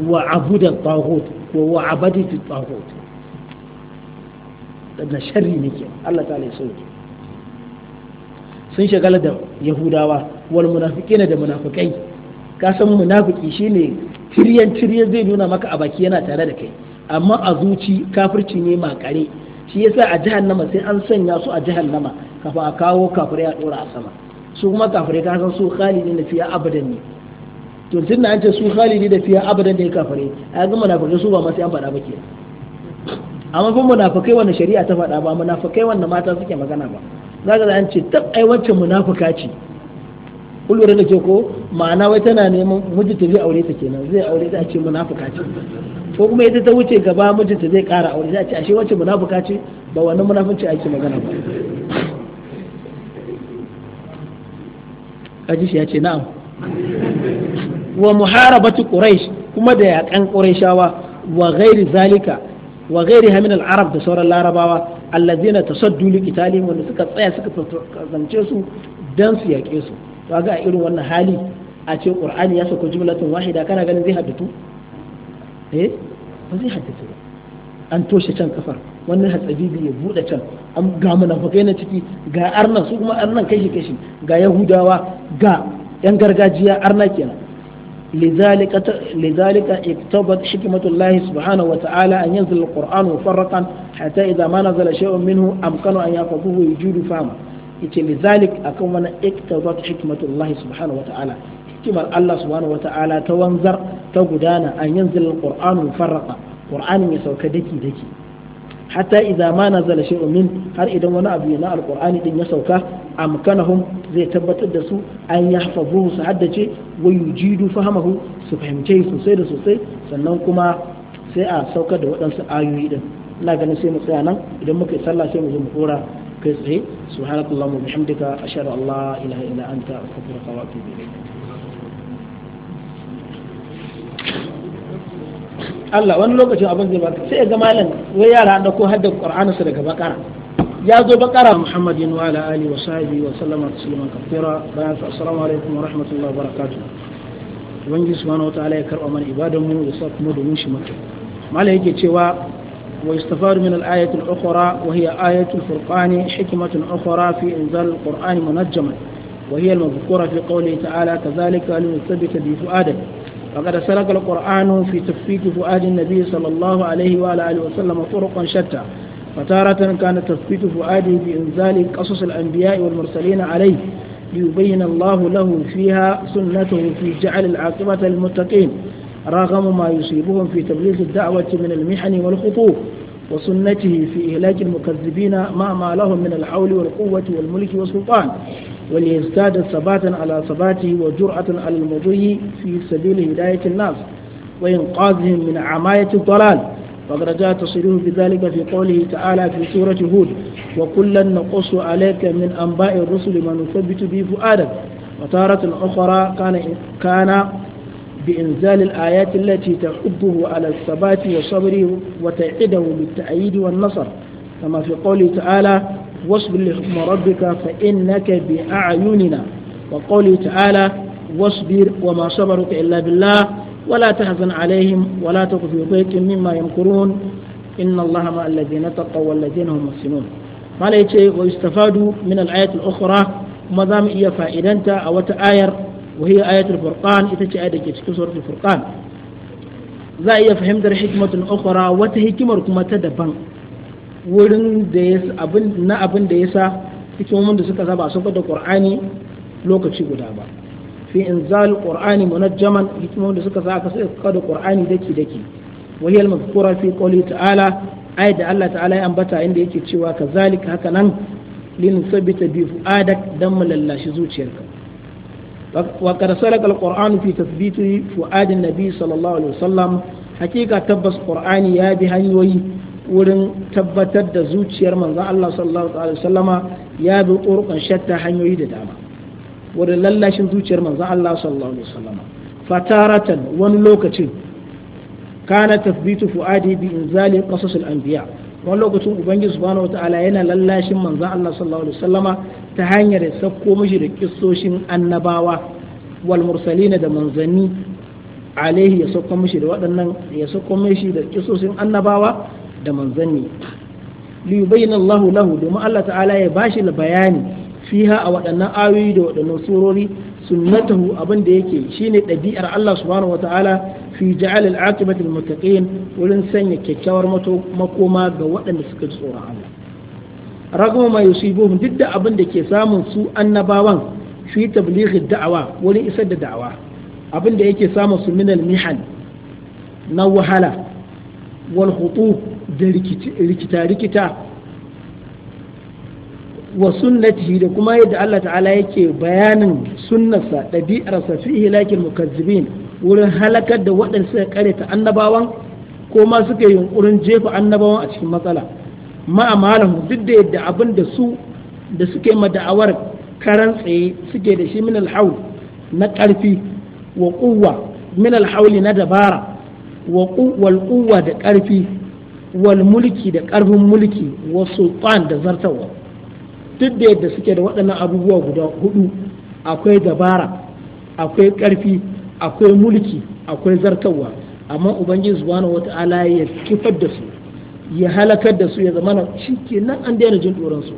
wa abuda tahut wa wa abadati tahut da sharri ne ke Allah ta ya sauke sun shagala da yahudawa wal munafiqina da munafikai ka san munafiki shine tiryan tiryan zai nuna maka a baki yana tare da kai amma a zuci kafirci ne makare shi yasa a jahannama sai an sanya su a jahannama kafa a kawo kafirai a dora a sama su kuma kafirai ka san su khalidi da fiya abadan ne to tun da an ce su khalidi da fiya abadan da ya kafirai a yanzu munafikai su ba ma sai an faɗa ba ke amma fa munafikai wanda shari'a ta faɗa ba munafikai wanda mata suke magana ba zaka ga an ce tab ai wacce munafika ce kun da ke ko ma'ana wai tana neman ta zai aure ta kenan zai aure ta ce munafuka ce ko kuma ita ta wuce gaba ta zai kara aure ta ce ashe wacce munafuka ce ba wannan munafunci ake magana ba kaji shi ya ce na'am wa muharabatu quraish kuma da yakan qurayshawa wa ghairi zalika wa ghairiha min al-arab da sauran larabawa allazina tasaddu li qitalihim wanda suka tsaya suka zance su dan su yake su to ga irin wannan hali a ce qur'ani ya sauka jumlatun wahida kana ganin zai haddatu eh ba zai haddatu ba an toshe can kafar wannan hatsabibi ya bude can an ga munafikai na ciki ga arnan su kuma arnan kashi kashi ga yahudawa ga yan gargajiya arna kenan لذلك لذلك اقتضت حكمة الله سبحانه وتعالى أن ينزل القرآن مفرقا حتى إذا ما نزل شيء منه أمكن أن يحفظوه ويجود فهمه yace li zalik akan wannan iktabat hikmatullahi subhanahu wata'ala hikimar Allah subhanahu wata'ala ta wanzar ta gudana an yanzil alqur'anu mufarraqa qur'anin ya sauka daki daki hatta idza ma nazala shay'un min har idan wani abu yana alqur'ani din ya sauka amkanahum zai tabbatar da su an yahfazuhu su haddace wa yujidu fahamahu su fahimce sosai da sosai sannan kuma sai a saukar da waɗansu ayoyi din ina ganin sai mu tsaya nan idan muka yi sallah sai mu zo mu dora kai tsaye subhanakallahumma bihamdika ashhadu an la ilaha illa anta astaghfiruka wa atubu ilayk Allah wani lokacin abin zai baka sai ga malam wai yara da ko hadda Qur'ani su daga bakara ya zo bakara Muhammadin wa ala alihi wa sahbihi wa sallama tasliman kathira bayan assalamu alaikum wa rahmatullahi wa barakatuh ubangiji subhanahu wa ta'ala ya karba mana ibadan mu ya sa kuma domin shi muke malam yake cewa ويستفاد من الآية الأخرى وهي آية الفرقان حكمة أخرى في إنزال القرآن منجما وهي المذكورة في قوله تعالى كذلك لنثبت به فؤادك فقد سلك القرآن في تثبيت فؤاد النبي صلى الله عليه وعلى آله وسلم طرقا شتى فتارة كان تثبيت فؤاده بإنزال قصص الأنبياء والمرسلين عليه ليبين الله له فيها سنته في جعل العاقبة للمتقين رغم ما يصيبهم في تبليغ الدعوة من المحن والخطوب وسنته في إهلاك المكذبين ما ما لهم من الحول والقوة والملك والسلطان وليزداد ثباتا على ثباته وجرأة على المضي في سبيل هداية الناس وإنقاذهم من عماية الضلال فقد جاء تصريح بذلك في قوله تعالى في سورة هود وكلا نقص عليك من أنباء الرسل ما نثبت به فؤادك وتارة أخرى كان كان بإنزال الآيات التي تحبه على الثبات وصبره وتعده بالتأييد والنصر كما في قوله تعالى واصبر لحكم ربك فإنك بأعيننا وقوله تعالى واصبر وما صبرك إلا بالله ولا تحزن عليهم ولا تك في ضيق مما يمكرون إن الله مع الذين اتقوا والذين هم محسنون ما ويستفاد من الآيات الأخرى ما دام إيا فائدة أو تآير وهي آية الفرقان إتتي آية كتشكي سورة الفرقان za a iya fahimtar hikmatun ukhra wata hikimar kuma ta daban wurin da ya na abin da ya sa hikimomin da suka zaba su da qur'ani lokaci guda ba fi zal qur'ani munajjaman hikimomin da suka zaka suka da qur'ani daki daki wahiyar hiya al fi qouli ta'ala ayat da Allah ta'ala ya ambata inda yake cewa kazalik haka nan lin sabita bi fu'adak dan mu lallashi zuciyarka وقد سلك القرآن في تثبيت فؤاد النبي صلى الله عليه وسلم حقيقة تبس قرآن يا بهنوي wurin tabbatar da zuciyar manzon Allah sallallahu alaihi ya bi turkan shatta hanyoyi da dama wurin lallashin zuciyar manzon Allah sallallahu alaihi wasallama wani lokacin kana tathbitu fuadi bi inzali qasas al-anbiya wani lokacin ubangiji subhanahu wataala yana lallashin manzon Allah sallallahu ta hanyar sakko mishi da kissoshin annabawa wal mursalina da manzanni alaihi ya sakko mishi da waɗannan ya sakko mishi da kissoshin annabawa da manzanni li yubayyana Allah lahu domin Allah ta'ala ya bashi bayani fiha a waɗannan ayoyi da waɗannan surori sunnatahu abin da yake shine ɗabi'ar Allah subhanahu wa ta'ala fi ja'al al-aqibati muttaqin wurin sanya kyakkyawar makoma ga waɗanda suka ji tsoron Allah ragama ma yusibuhum duk da abin da ke samun su annabawan fi tablighi da'awa wurin isar da da'awa abin da yake samun su minal mihal na wahala wal khutu da rikita rikita wa sunnatihi da kuma yadda Allah ta'ala yake bayanin sunnarsa ɗabi'arsa fi lakin mukazzibin wurin halakar da waɗanda suka ta annabawan ko ma suka yunkurin jefa annabawan a cikin matsala ma'amalahu duk da yadda abin da su da suke mada'awar karan tsaye suke da shi min alhaul na ƙarfi wa ƙuwa min alhauli na dabara wa ƙuwa da ƙarfi wal mulki da ƙarfin mulki wa sultan da zartawa duk da yadda suke da waɗannan abubuwa guda hudu akwai dabara akwai ƙarfi akwai mulki akwai zartawa amma ubangiji subhanahu wata'ala ya kifar da su ya halakar da su ya zamana shi ke nan an daina jin tsoronsu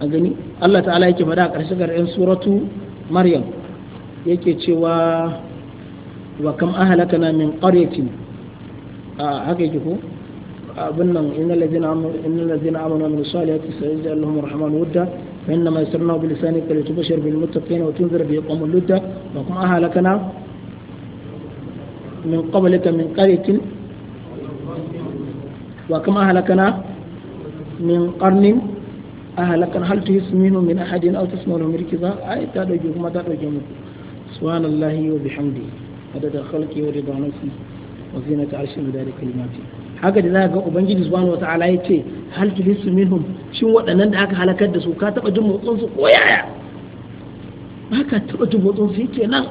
a gani Allah ta'ala yake faɗa a ƙarshe ɗan suratu maryam yake cewa wa kam na min qaryatin a haka yake ko abin nan inna ladzina amanu innal ladzina amanu min salihati sayaj'al lahum rahman wadda fa inna ma yasarnahu bi lisanika litubashir bil muttaqina wa tunzira bi qawmin ludda wa kam na min qablika min qaryatin wa kama halakana min qarnin ahlakan hal tuhis minhum min ahadin aw tasma'u lahum rikiza ai ta dauke kuma ta dauke muku subhanallahi wa bihamdihi adada khalqi wa rida haka da ga ubangiji subhanahu wataala ya ce hal tuhis minhum shin waɗannan da aka halakar da su ka taɓa jin motsin su ko yaya ba ka taɓa jin motsin su yake nan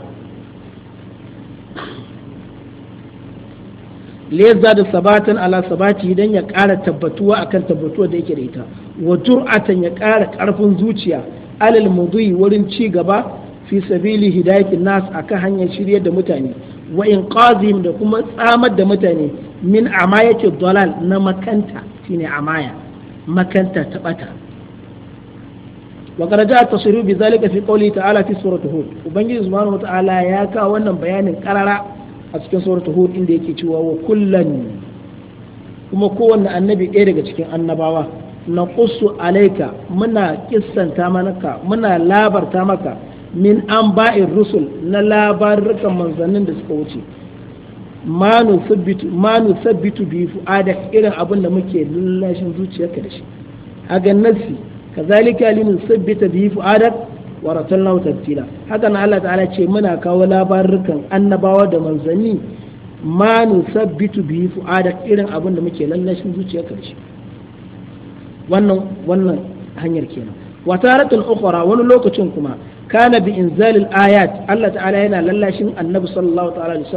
leza da sabatan ala sabati idan ya kara tabbatuwa akan tabbatuwa da yake da ita wa jur'atan ya kara karfin zuciya alal mudhi wurin ci gaba fi sabili hidayatin nas akan hanyar shiryar da mutane wa inqazihim da kuma tsamar da mutane min amayati dalal na makanta shine amaya makanta ta bata وقد جاء ta بذلك fi قوله تعالى في سورة هود وبنجي سبحانه ta'ala ya ka wannan bayanin karara a cikin suratul hud inda yake cewa wa kullan kuma kowanne annabi ɗaya daga cikin annabawa na qussu alaika muna kissanta maka muna labarta maka min an rusul na labarukan manzannin da suka wuce ma nu sabbitu bi fu'ada irin abin da muke lullashin zuciyarka da shi a gannarsi kazalika linu sabbita bi fu'adak wa ratalnahu tartila hakan Allah ta'ala ce muna kawo labarukan annabawa da manzanni ma nusabbitu bihi fu'ada irin abin da muke lallashin zuciya karshe wannan wannan hanyar kenan wa taratul ukhra wani lokacin kuma kana bi inzalil ayat Allah ta'ala yana lallashin annabi sallallahu ta'ala alaihi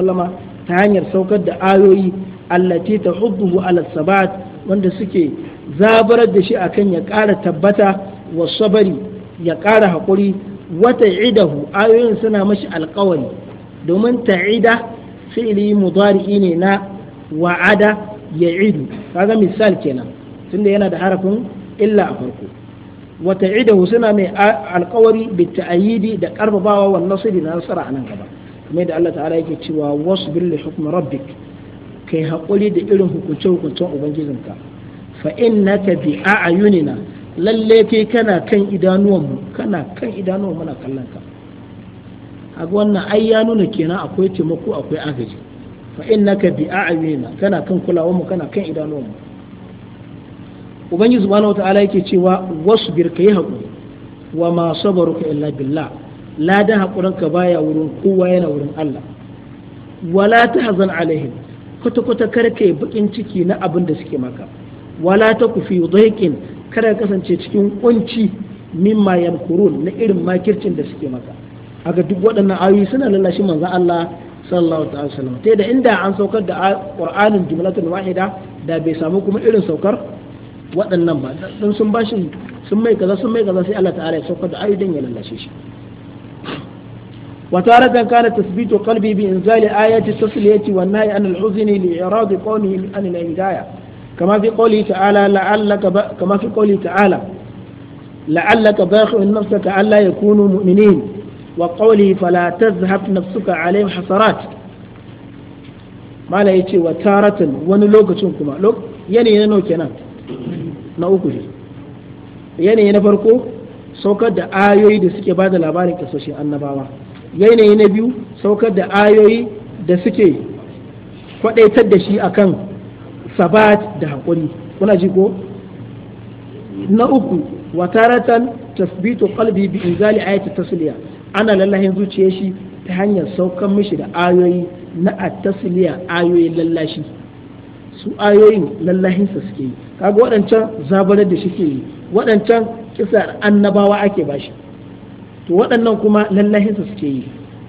ta hanyar saukar da ayoyi allati tahudduhu ala sabat wanda suke zabarar da shi akan ya ƙara tabbata wa sabari ya ƙara haƙuri wata idahu ayoyin suna mashi alƙawari domin ta ta'ida fi'ili mudari'i ne na wa'ada ya idu kaga misal kenan tunda yana da harafin illa a farko wata idahu suna mai alƙawari bi ta'ayidi da ƙarfafawa wa nasiri na nasara a nan gaba kamar da Allah ta'ala yake cewa wasu li hukm rabbik kai haƙuri da irin hukunce hukuncen ubangijinka fa innaka bi a'yunina lalle kai kana kan idanuwanmu kana kan idanuwan muna kallon ka a wannan ai ya nuna kenan akwai taimako akwai agaji fa innaka bi a'yunina kana kan kulawar mu kana kan idanuwan mu ubangiji subhanahu wataala yake cewa wasu wasbir kai haƙuri wa ma sabaruka illa billah ladan haƙurin ka baya wurin kowa yana wurin Allah wala tahzan alaihim kwata kwata karkai bakin ciki na abin da suke maka wala ta kufi dhaiqin kada ka kasance cikin kunci mimma yamkurun na irin makircin da suke maka aga duk waɗannan ayoyi suna lallashi manzo Allah sallallahu alaihi wasallam ta da inda an saukar da qur'anin jumlatan wahida da bai samu kuma irin saukar waɗannan ba dan sun bashi sun mai kaza sun mai kaza sai Allah ta'ala ya saukar da ayoyin ya lallashe shi وتارة كان تثبيت قلبي بإنزال آيات التسلية والنهي عن الحزن لإعراض قومه عن الهداية كما في قوله تعالى لعلك ب... كما في قوله تعالى لعلك باخع نفسك ألا يكونوا مؤمنين وقوله فلا تذهب نفسك عليهم حسرات ما لا يتي وتارة ونلوك تنكما لوك يعني نوكنا نوكه يعني نفرقه saukar da ayoyi da suke ba da labarin kasashen annabawa yanayi na biyu saukar da ayoyi da suke kwadaitar da shi akan sabat da hakuri kuna ji ko na uku wa taratan tasbitu qalbi bi inzali ayati tasliya ana lallahin zuciyar shi ta hanyar saukan mishi da ayoyi na at-tasliya ayoyin lallashi su ayoyin lallahin sa suke yi kaga waɗancan zabarar da suke yi waɗancan kisar annabawa ake bashi to waɗannan kuma lallahin sa suke yi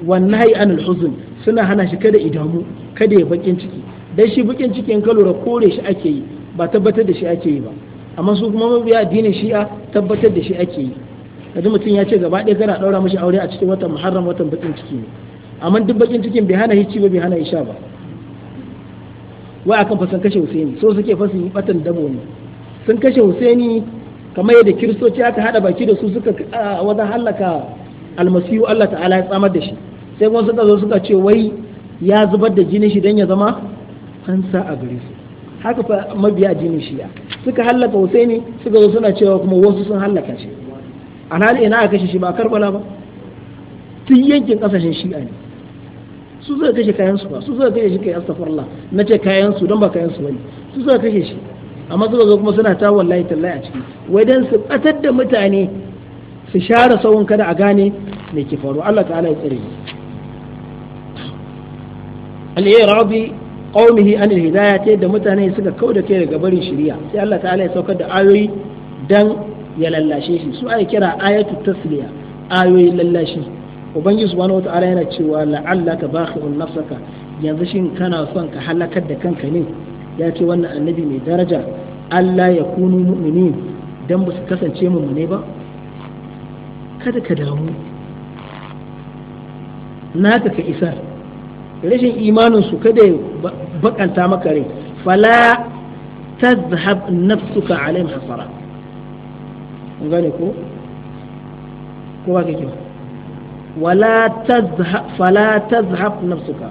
wannan anul huzn suna hana shi kada idamu kada ya bakin ciki dai shi bukin cikin kalura kore shi ake yi ba tabbatar da shi ake yi ba amma su kuma mabiya addinin shi'a tabbatar da shi ake yi kaji mutum ya ce gaba ɗaya kana ɗaura mashi aure a cikin watan muharram watan bakin ciki ne amma duk bakin cikin bai hana hici ba bai hana isha ba wai akan fasan kashe husaini so suke fasin batan dabo ne sun kashe husaini kamar yadda kiristoci aka hada baki da su suka wajen hallaka almasihu Allah ta'ala ya tsamar da shi sai kuma suka zo suka ce wai ya zubar da jinin shi don ya zama an sa a gare su haka fa mabiya addinin shi'a suka hallaka husaini suka zo suna cewa kuma wasu sun hallaka shi nan ina aka kashe shi ba karbala ba tun yankin kasashen shiya ne su suka kashe kayan su ba su suka kashe shi kai astaghfirullah na ce kayan su don ba kayan su bane su suka kashe shi amma suka zo kuma suna ta wallahi tallahi a ciki wai dan su batar da mutane su share sawun kada a gane me ke faru Allah ta'ala ya tsare al-Irabi qaumihi an hidayah ta yadda mutane suka kauda kai daga barin shari'a sai Allah ta'ala ya saukar da ayoyi dan ya lallashe shi su ai kira ayatu tasliya ayoyi lallashi ubangiji subhanahu wataala yana cewa la'allaka bakhi'un nafsaka yanzu shin kana son ka halakar da kanka ne ya ce wannan annabi mai daraja Allah ya kunu mu'mini dan ba su kasance ne ba kada ka damu naka ka isar rashin imanin su kada ya bakanta maka rai fala tazhab nafsuka alaihim hasara kun gane ko ko ba kake wala tazhab fala tazhab nafsuka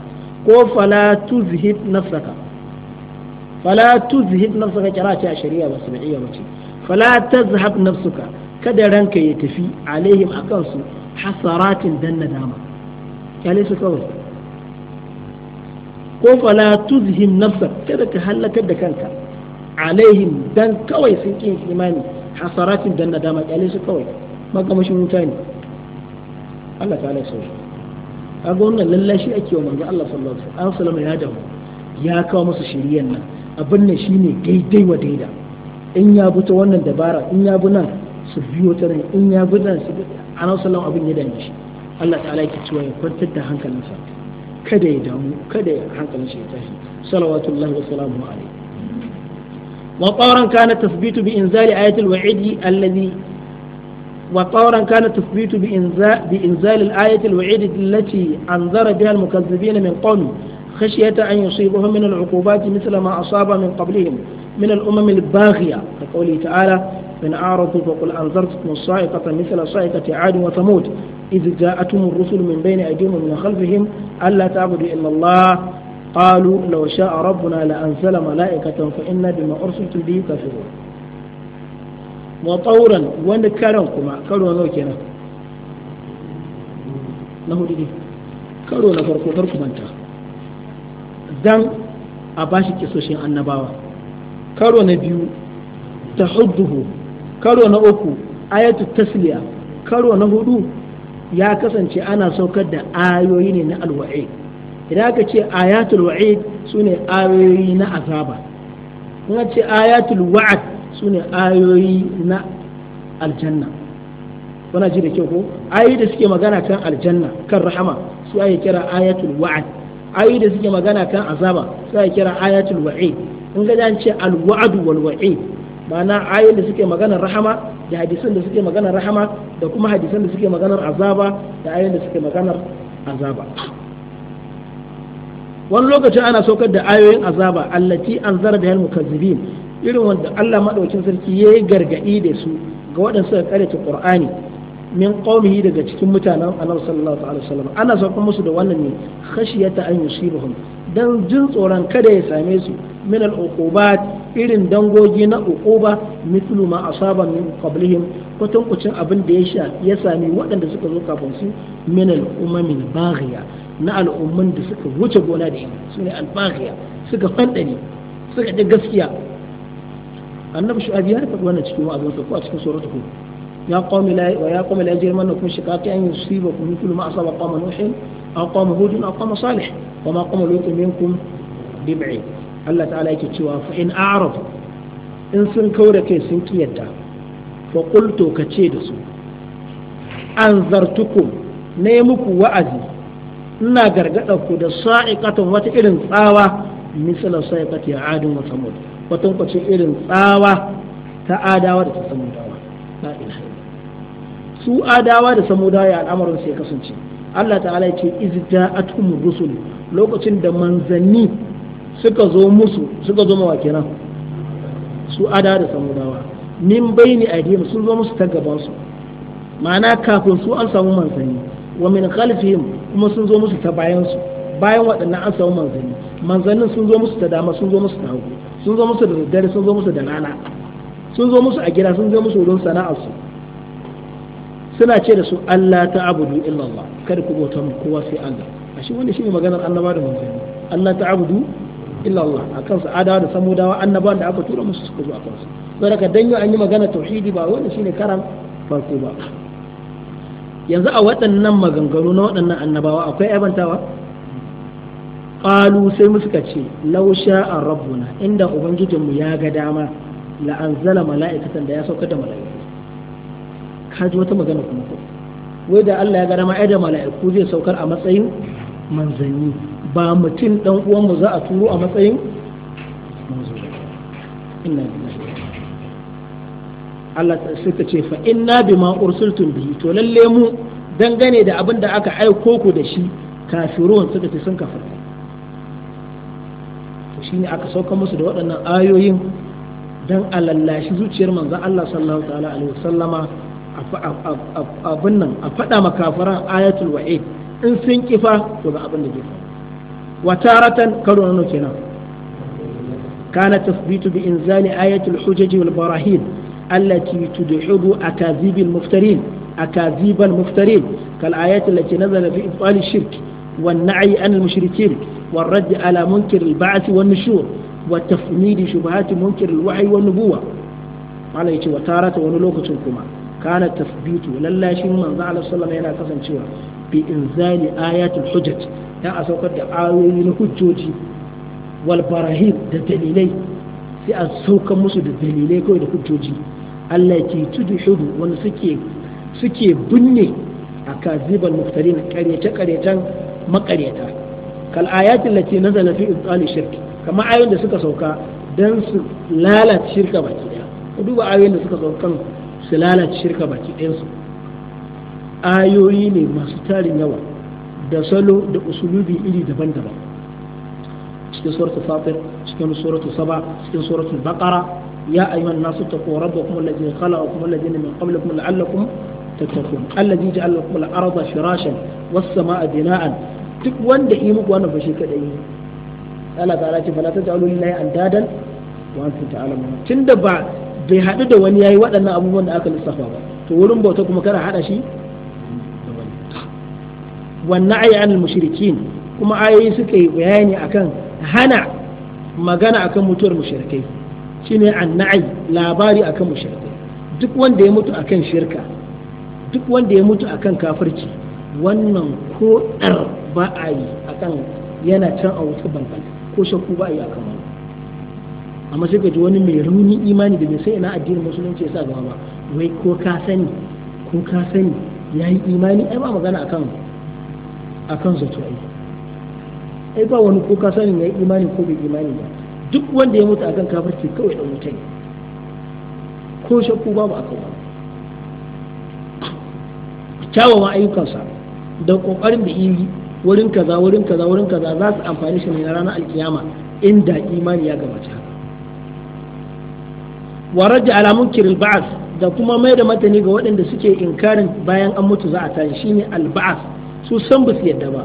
ko fala tuzhib nafsaka fala tuzhib nafsaka kira ce a shari'a ba sab'iyya ba ce fala tazhab nafsuka kada ranka ya tafi alaihim akan su hasaratin dan nadama kyale su kawai ko fala tuzhim nafsa kada ka halakar da kanka alaihim dan kawai sun kin imani hasaratin dan nadama kyale su kawai makamashin wuta ne Allah ta alai A ga wannan lallashi ake wa manzo Allah sallallahu alaihi wasallam ya damu ya kawo musu shiriyan nan abin nan shine daidai wa daida in ya bi ta wannan dabara in ya bi nan su biyo ta nan in ya bi nan su bi annabi sallallahu alaihi wasallam abin ya dame shi Allah ta yake cewa ya kwantar da hankalinsa kada ya damu حق الشيطان صلوات الله وسلامه عليه وطورا كان التثبيت بإنزال آية الوعيد الذي وطورا كان التثبيت بإنزال, بإنزال الآية الوعيد التي أنذر بها المكذبين من قوم خشية أن يصيبهم من العقوبات مثل ما أصاب من قبلهم من الأمم الباغية كقوله تعالى من أعرضوا فقل أنذرتكم الصائقة مثل صائقة عاد وثمود إذ جاءتهم الرسل من بين أيديهم ومن خلفهم Allah ta abu illa Allah qalu law sha'a rabbuna la anzala mala'ikatan fa inna bima ursiltu bi kafirun mutawran wanda karan kuma karo nawa kenan na hudu ne karo na farko kar ku manta a bashi kisoshin annabawa karo na biyu ta hudduhu karo na uku ayatu tasliya karo na hudu ya kasance ana saukar da ayoyi ne na alwa'id idan aka ce ayatul wa'id ne ayoyi na azaba in ce ayatul wa'ad ne ayoyi na aljanna kuna ji da kyau ko ayoyi da suke magana kan aljanna kan rahama su ake kira ayatul wa'ad ayoyi da suke magana kan azaba su ake kira ayatul wa'id in ga ce al wa'd wal wa'id ma'ana ayoyin da suke maganar rahama da hadisan da suke maganar rahama da kuma hadisan da suke maganar azaba da ayoyin da suke maganar azaba wani lokaci ana saukar da ayoyin azaba allati anzara bihal mukazzibin irin wanda Allah madaukin sarki yayi gargadi da su ga waɗanda suka karyata Qur'ani min qaumihi daga cikin mutanen Annabi sallallahu alaihi wasallam ana saukar musu da wannan ne khashiyata an yusibuhum don jin tsoron kada ya same su min al-uqubat irin dangogi na uquba mithlu ma asaba min qablihim kwatan kucin abin da ya sha ya sami waɗanda suka zo kafin su min al-umamin baghiya na umman da suka wuce gona da shi sune al-baghiya suka fandani suka ji gaskiya annabi shu'aib ya faɗi wannan cikin sa ko a cikin suratul hud ya qawmi la wa ya qawmi la yajrimannakum shiqaqi an yusibakum mithlu ma asaba qawma nuhin an qama hudun an qama salih ma qama lutu minkum Allah ta'ala yake cewa fa in a'rab in sun kaura kai sun kiyarta fa qultu ka ce da su anzartukum ne muku wa'azi ina gargada ku da sa'iqatan wata irin tsawa misala sa'iqati adin wa samud watan kwace irin tsawa ta adawa da ta samudawa la ilaha su adawa da samudawa al'amarin sai kasance Allah ta'ala ya ce izja'atuhum rusul lokacin da manzanni suka zo musu suka zo mawa kenan su ada da samudawa min baini aidihim sun zo musu ta gabansu. ma'ana kafin su an samu manzanni wa min khalfihim kuma sun zo musu ta bayansu. bayan waɗannan an samu manzanni manzannin sun zo musu ta dama sun zo musu ta hagu sun zo musu da daddare sun zo musu da rana sun zo musu a gida sun zo musu wurin sana'arsu suna ce da su Allah ta abudu illallah kada ku bauta kowa sai Allah ashe wannan shine maganar annaba da manzanni Allah ta abudu illallah a kansu adawa da samudawa annaba da aka tura musu suka zo akan su saboda dan yau an yi magana tauhidi ba wannan shine karan farko ba yanzu a waɗannan maganganu na waɗannan annabawa akwai aibantawa qalu sai muka ce law sha'a rabbuna inda ubangijinmu ya ga dama la anzala mala'ikatan da ya saukar da mala'ikatu kaji wata magana kuma ko wai da Allah ya ga dama da mala'iku zai saukar a matsayin manzanni ba mutum dan uwan mu za a turo a matsayin inna Allah suka ce fa inna bima ursiltum biyu to lalle mu dangane da abin da aka aiko ku da shi kafirun suka ce sun kafir to shine aka sauka musu da waɗannan ayoyin dan alallashi zuciyar manzo Allah sallallahu ta'ala alaihi wasallama abin nan a faɗa makafaran ayatul wa'id in sun kifa to ga abin da ke faru wa taratan karo na kenan kana tasbitu bi inzali ayatul hujaji wal barahin allati tudhibu akazibil muftarin akazibal muftarin kal ayati allati nazala fi ibtal shirk wan na'i an al mushrikin wal radd ala munkir al ba'th wan nushur wa tafnid shubuhat munkir al wahyi wan malai ce wa tarata wani lokacin kuma kana tasbitu lallashin manzo Allah sallallahu yana kasancewa bi inzali ayatul hujjat ya a saukar da ayoyi na hujjoji wal da dalilai sai a saukar musu da dalilai kawai da hujjoji Allah ke tudhudu wanda suke suke binne a kazibal muftarin karyace karyatan makaryata kal na lati nazala fi ibtali shirki kamar ayon da suka sauka dan su lalace shirka baki daya ku duba ayoyin da suka sauka su lalace shirka baki ɗayansu ayoyi ne masu tarin yawa da salo da usulubi iri daban-daban cikin suratul fatir cikin suratul saba cikin suratul baqara ya ayyuhan nasu taqu rabbakum alladhi khalaqakum alladhina min qablikum la'allakum tattaqun alladhi ja'ala lakum al-ardha firashan was sama'a bina'an duk wanda yi muku wannan fashi kadai Allah ta'ala ce fala taj'alu lillahi andadan wa antum ta'lamun tunda ba bai haɗu da wani yayi waɗannan abubuwan da aka lissafa ba to wurin bauta kuma kana haɗa shi wannan ayi anil mushrikin kuma ayoyi suka yi bayani akan hana magana akan mutuwar mushrikai shine annai labari akan mushrikai duk wanda ya mutu akan shirka duk wanda ya mutu akan kafirci wannan ko dar ba a yi akan yana can a wuta banban ko shakku ba a yi akan wani amma sai ka ji wani mai runi imani da bai sai ina addinin musulunci yasa gaba ba wai ko ka sani ko ka sani yayi imani ai ba magana akan akan zato ai ai ba wani ko ka sani yayi imani ko bai imani ba duk wanda ya mutu akan kafirci kawai dan mutane ko shakku babu akan wani kyawawan ayyukansa da kokarin da iri wurin kaza wurin kaza wurin kaza za su amfani shi ne na ranar alkiyama inda imani ya gabata haka wa raja ala munkiril ba'as da kuma mai da matani ga waɗanda suke inkarin bayan an mutu za a tashi shine al ba'as su san ba su yadda ba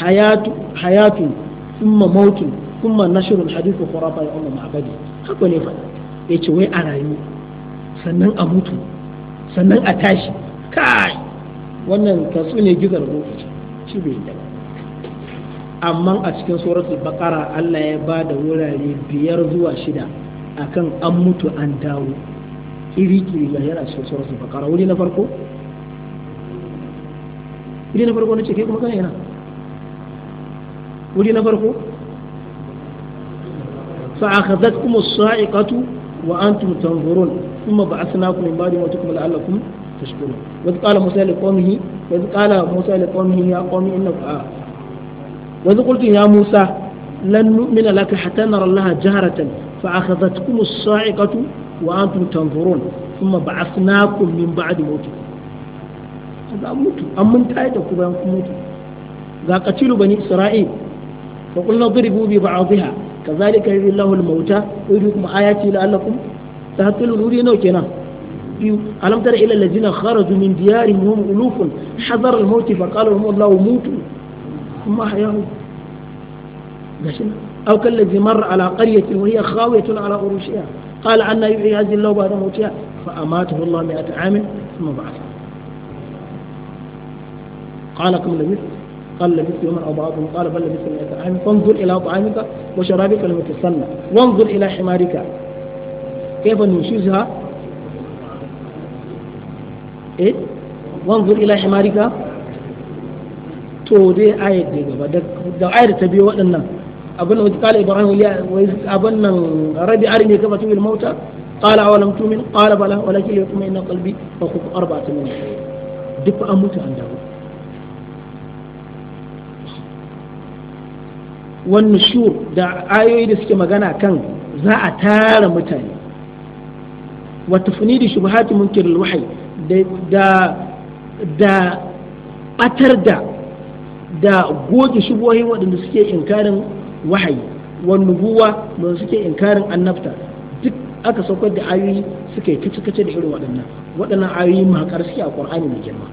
hayatu hayatu thumma mautun thumma hadith wa khurafa ya umma abadi, haka ne Ya yace wai a rayu sannan a mutu sannan a tashi kai wannan kasu ne gizar lokaci shi bai yadda amma a cikin suratul baqara Allah ya ba da wurare biyar zuwa shida akan an mutu an dawo iri kiri ga yana cikin su bakara wuri na farko wuri na farko na ce kai kuma kana yana wuri na farko fa akhadhatkum as-sa'iqatu wa antum tanzurun thumma ba'athnakum min ba'di mawtikum la'allakum tashkurun wa qala musa li qawmihi wa qala musa li qawmihi ya qawmi innakum a wa qultu ya musa lan nu'mina laka hatta nara allaha jaharatan فأخذتكم الصاعقة وأنتم تنظرون ثم بعثناكم من بعد موتكم هذا موت من تايدا كبان موت ذا قتلوا بني إسرائيل فقلنا ضربوا ببعضها كذلك يري الله الموتى ويريكم آياتي لعلكم تهتلوا نوري نوكينا ألم تر إلى الذين خرجوا من ديارهم وهم ألوف حذر الموت فقالوا لهم الله موتوا ثم أحياهم قاشنا أو كالذي مر على قرية وهي خاوية على عروشها قال عنا يحيي هذه الله بعد موتها فأماته الله مئة عام ثم بعثه قال كم لبثت قال لبثت يوما أو بعضهم قال بل لبثت مئة عام فانظر إلى طعامك وشرابك لم تستنى وانظر إلى حمارك كيف نشوزها إيه وانظر إلى حمارك to dai دي da gaba da ayar ta biyo abin nan kala ibrahim abin nan rabi arini kafa tuwil mauta قال أولم تؤمن قال بلى ولكن ليطمئن قلبي فخذ أربعة من دب an عن داود والنشور دا آيوي da سكي كان زا أتار متاني وتفنيد شبهات منكر الوحي دا دا دا da goge shubuwahi waɗanda suke inkarin wahayi wan da suke inkarin annabta duk aka saukar da ayoyi suka yi kace kace da irin waɗannan waɗannan ayoyi mahakar suke a Qur'ani mai girma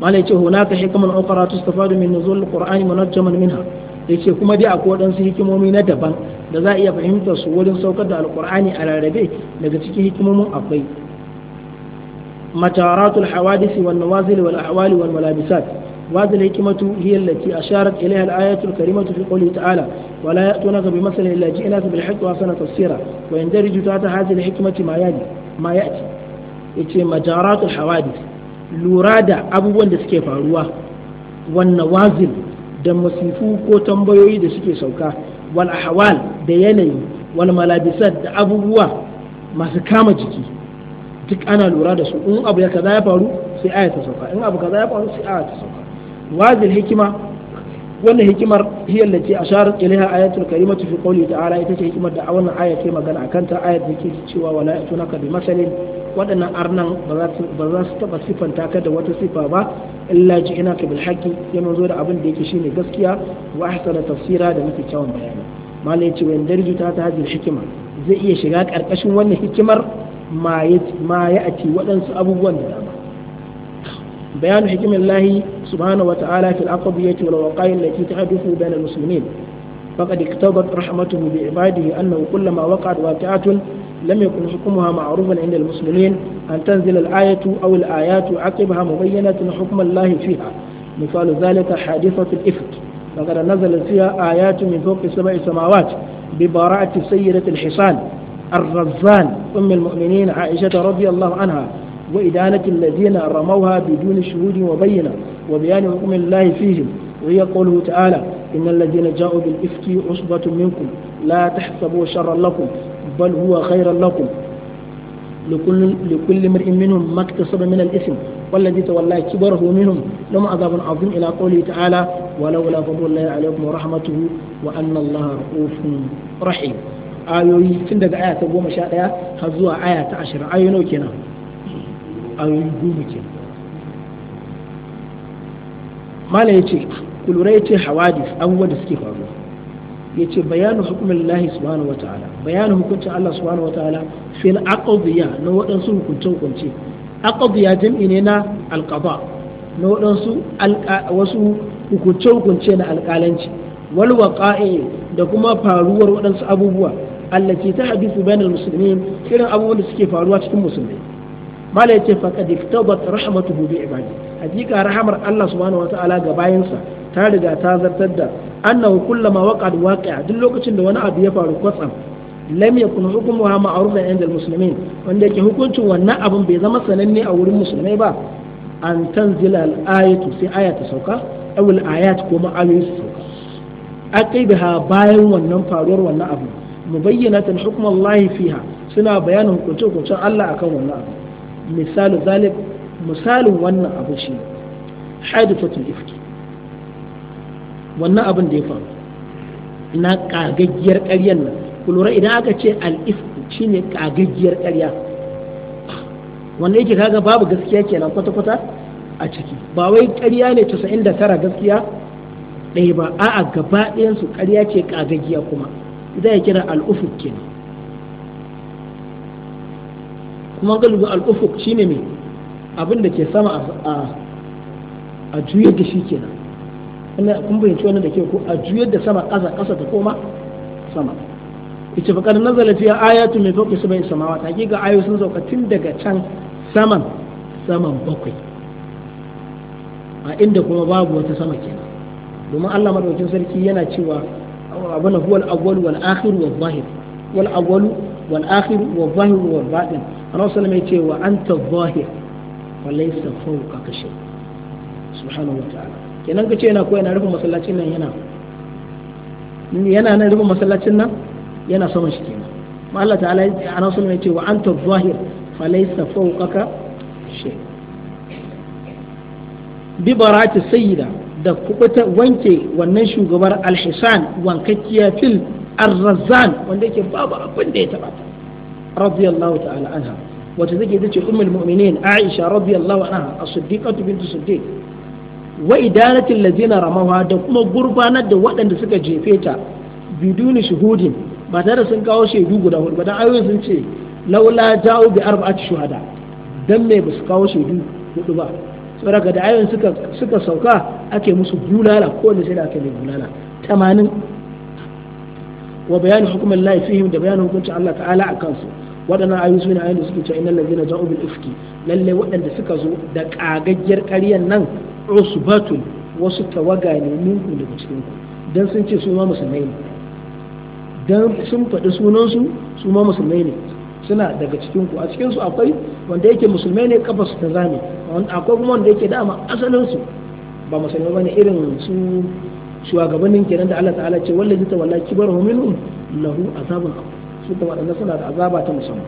malai ce hunaka hikman ukhra tustafadu min nuzul qur'ani munajjaman minha yace kuma dai akwai waɗansu hikimomi na daban da za a iya fahimtar su wurin saukar da alqur'ani a rarrabe daga cikin hikimomin akwai mataratul hawadisi wan nawazil wal ahwali wal malabisat وهذه الحكمة هي التي أشارت إليها الآية الكريمة في قوله تعالى ولا يأتونك بمثل إلا جئناك بالحق وأحسن تفسيرا ويندرج تحت هذه الحكمة ما يأتي ما يأتي يتي مجارات الحوادث لورادة أبو وند سكيف الروا والنوازل da masifu ko tambayoyi da suke sauka wal ahwal da yanayi wal malabisat da abubuwa masu kama jiki duk ana lura da su in abu ya kaza ya faru sai aya ta sauka in abu kaza ya faru sai aya ta sauka وهذه الحكمة wannan hikimar hiya lati asharat ilaiha ayatul karimatu fi da ala ita ce hikimar da a wannan aya ce magana akan ta ayat da ke cewa wala yatunaka bi masalin waɗannan arnan ba za su taɓa siffanta ka da wata siffa ba illa ji ina ka bil haqqi ya da abin da yake shine gaskiya wa ahsana tafsira da mafi kyawun bayani malai ya ce wa ta ta hikima zai iya shiga karkashin wannan hikimar ma ya ma ya waɗansu abubuwan da dama بيان حكم الله سبحانه وتعالى في العقبية والوقاية التي تحدث بين المسلمين فقد اقتضت رحمته بعباده أنه كلما وقعت واقعة لم يكن حكمها معروفا عند المسلمين أن تنزل الآية أو الآيات عقبها مبينة حكم الله فيها مثال ذلك حادثة الإفك فقد نزل فيها آيات من فوق سبع سماوات ببراءة سيدة الحصان الرزان أم المؤمنين عائشة رضي الله عنها وإدانة الذين رموها بدون شهود وبينة وبيان حكم الله فيهم وهي قوله تعالى إن الذين جاءوا بالإفك عصبة منكم لا تحسبوا شرا لكم بل هو خيرا لكم لكل لكل امرئ منهم ما اكتسب من الاثم والذي تولى كبره منهم لهم عذاب عظيم الى قوله تعالى ولولا فضل الله عليكم ورحمته وان الله رؤوف رحيم ايه tun ايه aya ta goma ايه عشر har آية zuwa ayoyi goma ke ya ce kulura ya ce hawadis abubuwa da suke faruwa ya ce bayanu hukumin lahi subhanahu wa ta'ala bayanu hukuncin Allah subhanahu wa ta'ala fil aqdiya na waɗansu hukuncin hukunce aqdiya jam'i ne na alqada na waɗansu wasu hukunce hukunce na alƙalanci wal waqa'i da kuma faruwar waɗansu abubuwa allati ta hadisu bainal muslimin irin abubuwan da suke faruwa cikin musulmai mala yace faqad iftadat rahmatuhu bi ibadi hakika rahamar Allah subhanahu wataala ga bayansa ta riga ta zartar da annahu kullama waqad waqi'a duk lokacin da wani abu ya faru kwatsam lam yakun hukmuha ma'rufan inda muslimin wanda yake hukuncin wannan abin bai zama sananne a wurin musulmai ba an tanzila al-ayatu sai aya ta sauka aw al-ayat ko ma'ayoyi su sauka akai biha bayan wannan faruwar wannan abu mubayyanatan hukmullahi fiha suna bayanin hukunce-hukuncen Allah akan wannan abu misalu zalik misalin wannan abu shi hadifatul ifki wannan abin da ya faru na kagaggiyar ƙaryar nan ku lura idan aka ce al-ifku shine kagaggiyar ƙarya wanda yake kaga babu gaskiya kenan kwata-kwata a ciki ba wai karya ne 99 gaskiya ɗaya ba a'a gaba ɗayansu karya ƙarya ce kagaggiya kuma idan ya kira al-ufuk kenan kuma ga lura al'ufuk shine mai abin da ke sama a juyar da shi kenan wannan kun bayyanci wannan da ke ko a juyar da sama ƙasa ƙasa ta koma sama ita fa kada nazala fiya ayatu min fawqi sab'i samawati hakika ayoyi sun sauka tun daga can saman saman bakwai a inda kuma babu wata sama kenan domin Allah madaukakin sarki yana cewa abana huwal awwal wal akhir wal zahir wal awwal wal akhir wa zahir wa batin annabi sallallahu alaihi ce wa anta zahir wa laysa fawqaka shay subhanahu wa kenan kace yana ko yana rufin masallacin nan yana yana nan rufin masallacin nan yana saman shi kenan ma Allah ta'ala annabi sallallahu alaihi wasallam ce wa anta zahir fa laysa fawqaka shay bi barati sayyida da kubuta wanke wannan shugabar alhisan wankakkiya fil ar-razzan wanda yake babu abin da ya taba ta radiyallahu ta'ala anha wata take ita ce ummul mu'minin aisha radiyallahu anha as-siddiqatu bintu siddiq wa idanatil ladina ramawa da kuma gurbanar da waɗanda suka jefe ta biduni shuhudin ba tare sun kawo shaidu guda hudu ba dan ayoyin sun ce laula ja'u bi dan me ba kawo shaidu hudu ba da ayoyin suka sauka ake musu bulala da mai wa bayani hukumin lahi fihim da bayanin hukuncin Allah ta'ala a kansu waɗannan ayu su ne ayoyin da suke cewa innal ladzina ja'u bil ifki lalle waɗanda suka zo da kagaggiyar ƙaryan nan usbatun wasu tawaga ne minku daga cikin ku dan sun ce su ma musulmai ne dan sun faɗi sunansu su ma musulmai ne suna daga cikin ku a cikin su akwai wanda yake musulmai ne kafa su ta zame akwai kuma wanda yake dama asalin su ba musulmai bane irin su shugabannin kenan da Allah ta'ala ce wallahi ta wallahi kibaru minhum lahu azabun su ta wadanda suna da azaba ta musamman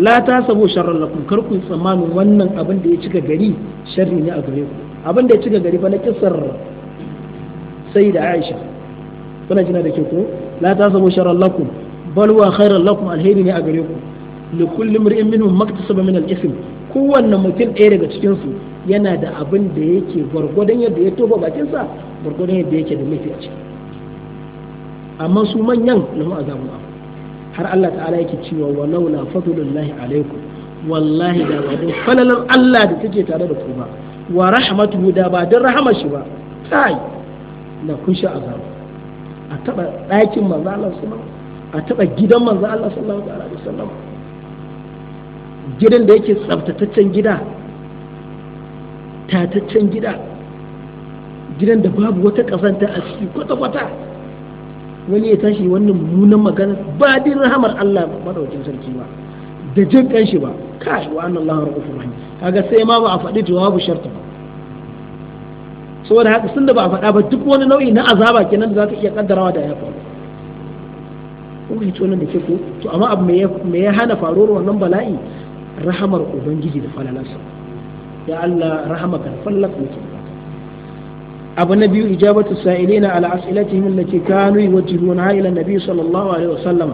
la ta sabo sharran lakum kar ku tsammanin wannan abin da ya cika gari sharri ne a gare ku abin da ya cika gari fa na kisar sai da Aisha kana jina da ke ko la ta sabo sharran lakum bal wa khairan lakum alheri ne a gare ku li kulli mar'in minhum maktasaba min al-ithm kowanne mutum ɗaya daga cikin su yana da abin da yake gwargwadon yadda ya toba bakinsa gurgurin yadda yake da mafi a ciki amma su manyan na mu azabu ba har Allah ta'ala yake cewa wa laula fadlullahi alaikum wallahi da ba don falalar Allah da take tare da ku ba wa rahmatuhu da ba don rahamar shi ba kai na kun sha azabu a taba ɗakin manzo Allah sallallahu a taba gidan manzo Allah sallallahu alaihi gidan da yake tsaftataccen gida tataccen gida gidan da babu wata kazanta a ciki kwata-kwata wani ya tashi wannan munan magana ba din rahamar Allah wajen sarki ba da jin kanshi ba kai wa anna Allah rahufur rahim kaga sai ma ba a faɗi jawabu sharta ba saboda haka sun da ba a faɗa ba duk wani nau'i na azaba kenan da za ka iya kaddarawa da ya faru ko kai to da ke ko to amma abu me ya hana faruwar wannan bala'i rahamar ubangiji da falalarsa ya Allah rahamaka da falalarsa ابو النبي اجابه السائلين على اسئلتهم التي كانوا يوجهونها الى النبي صلى الله عليه وسلم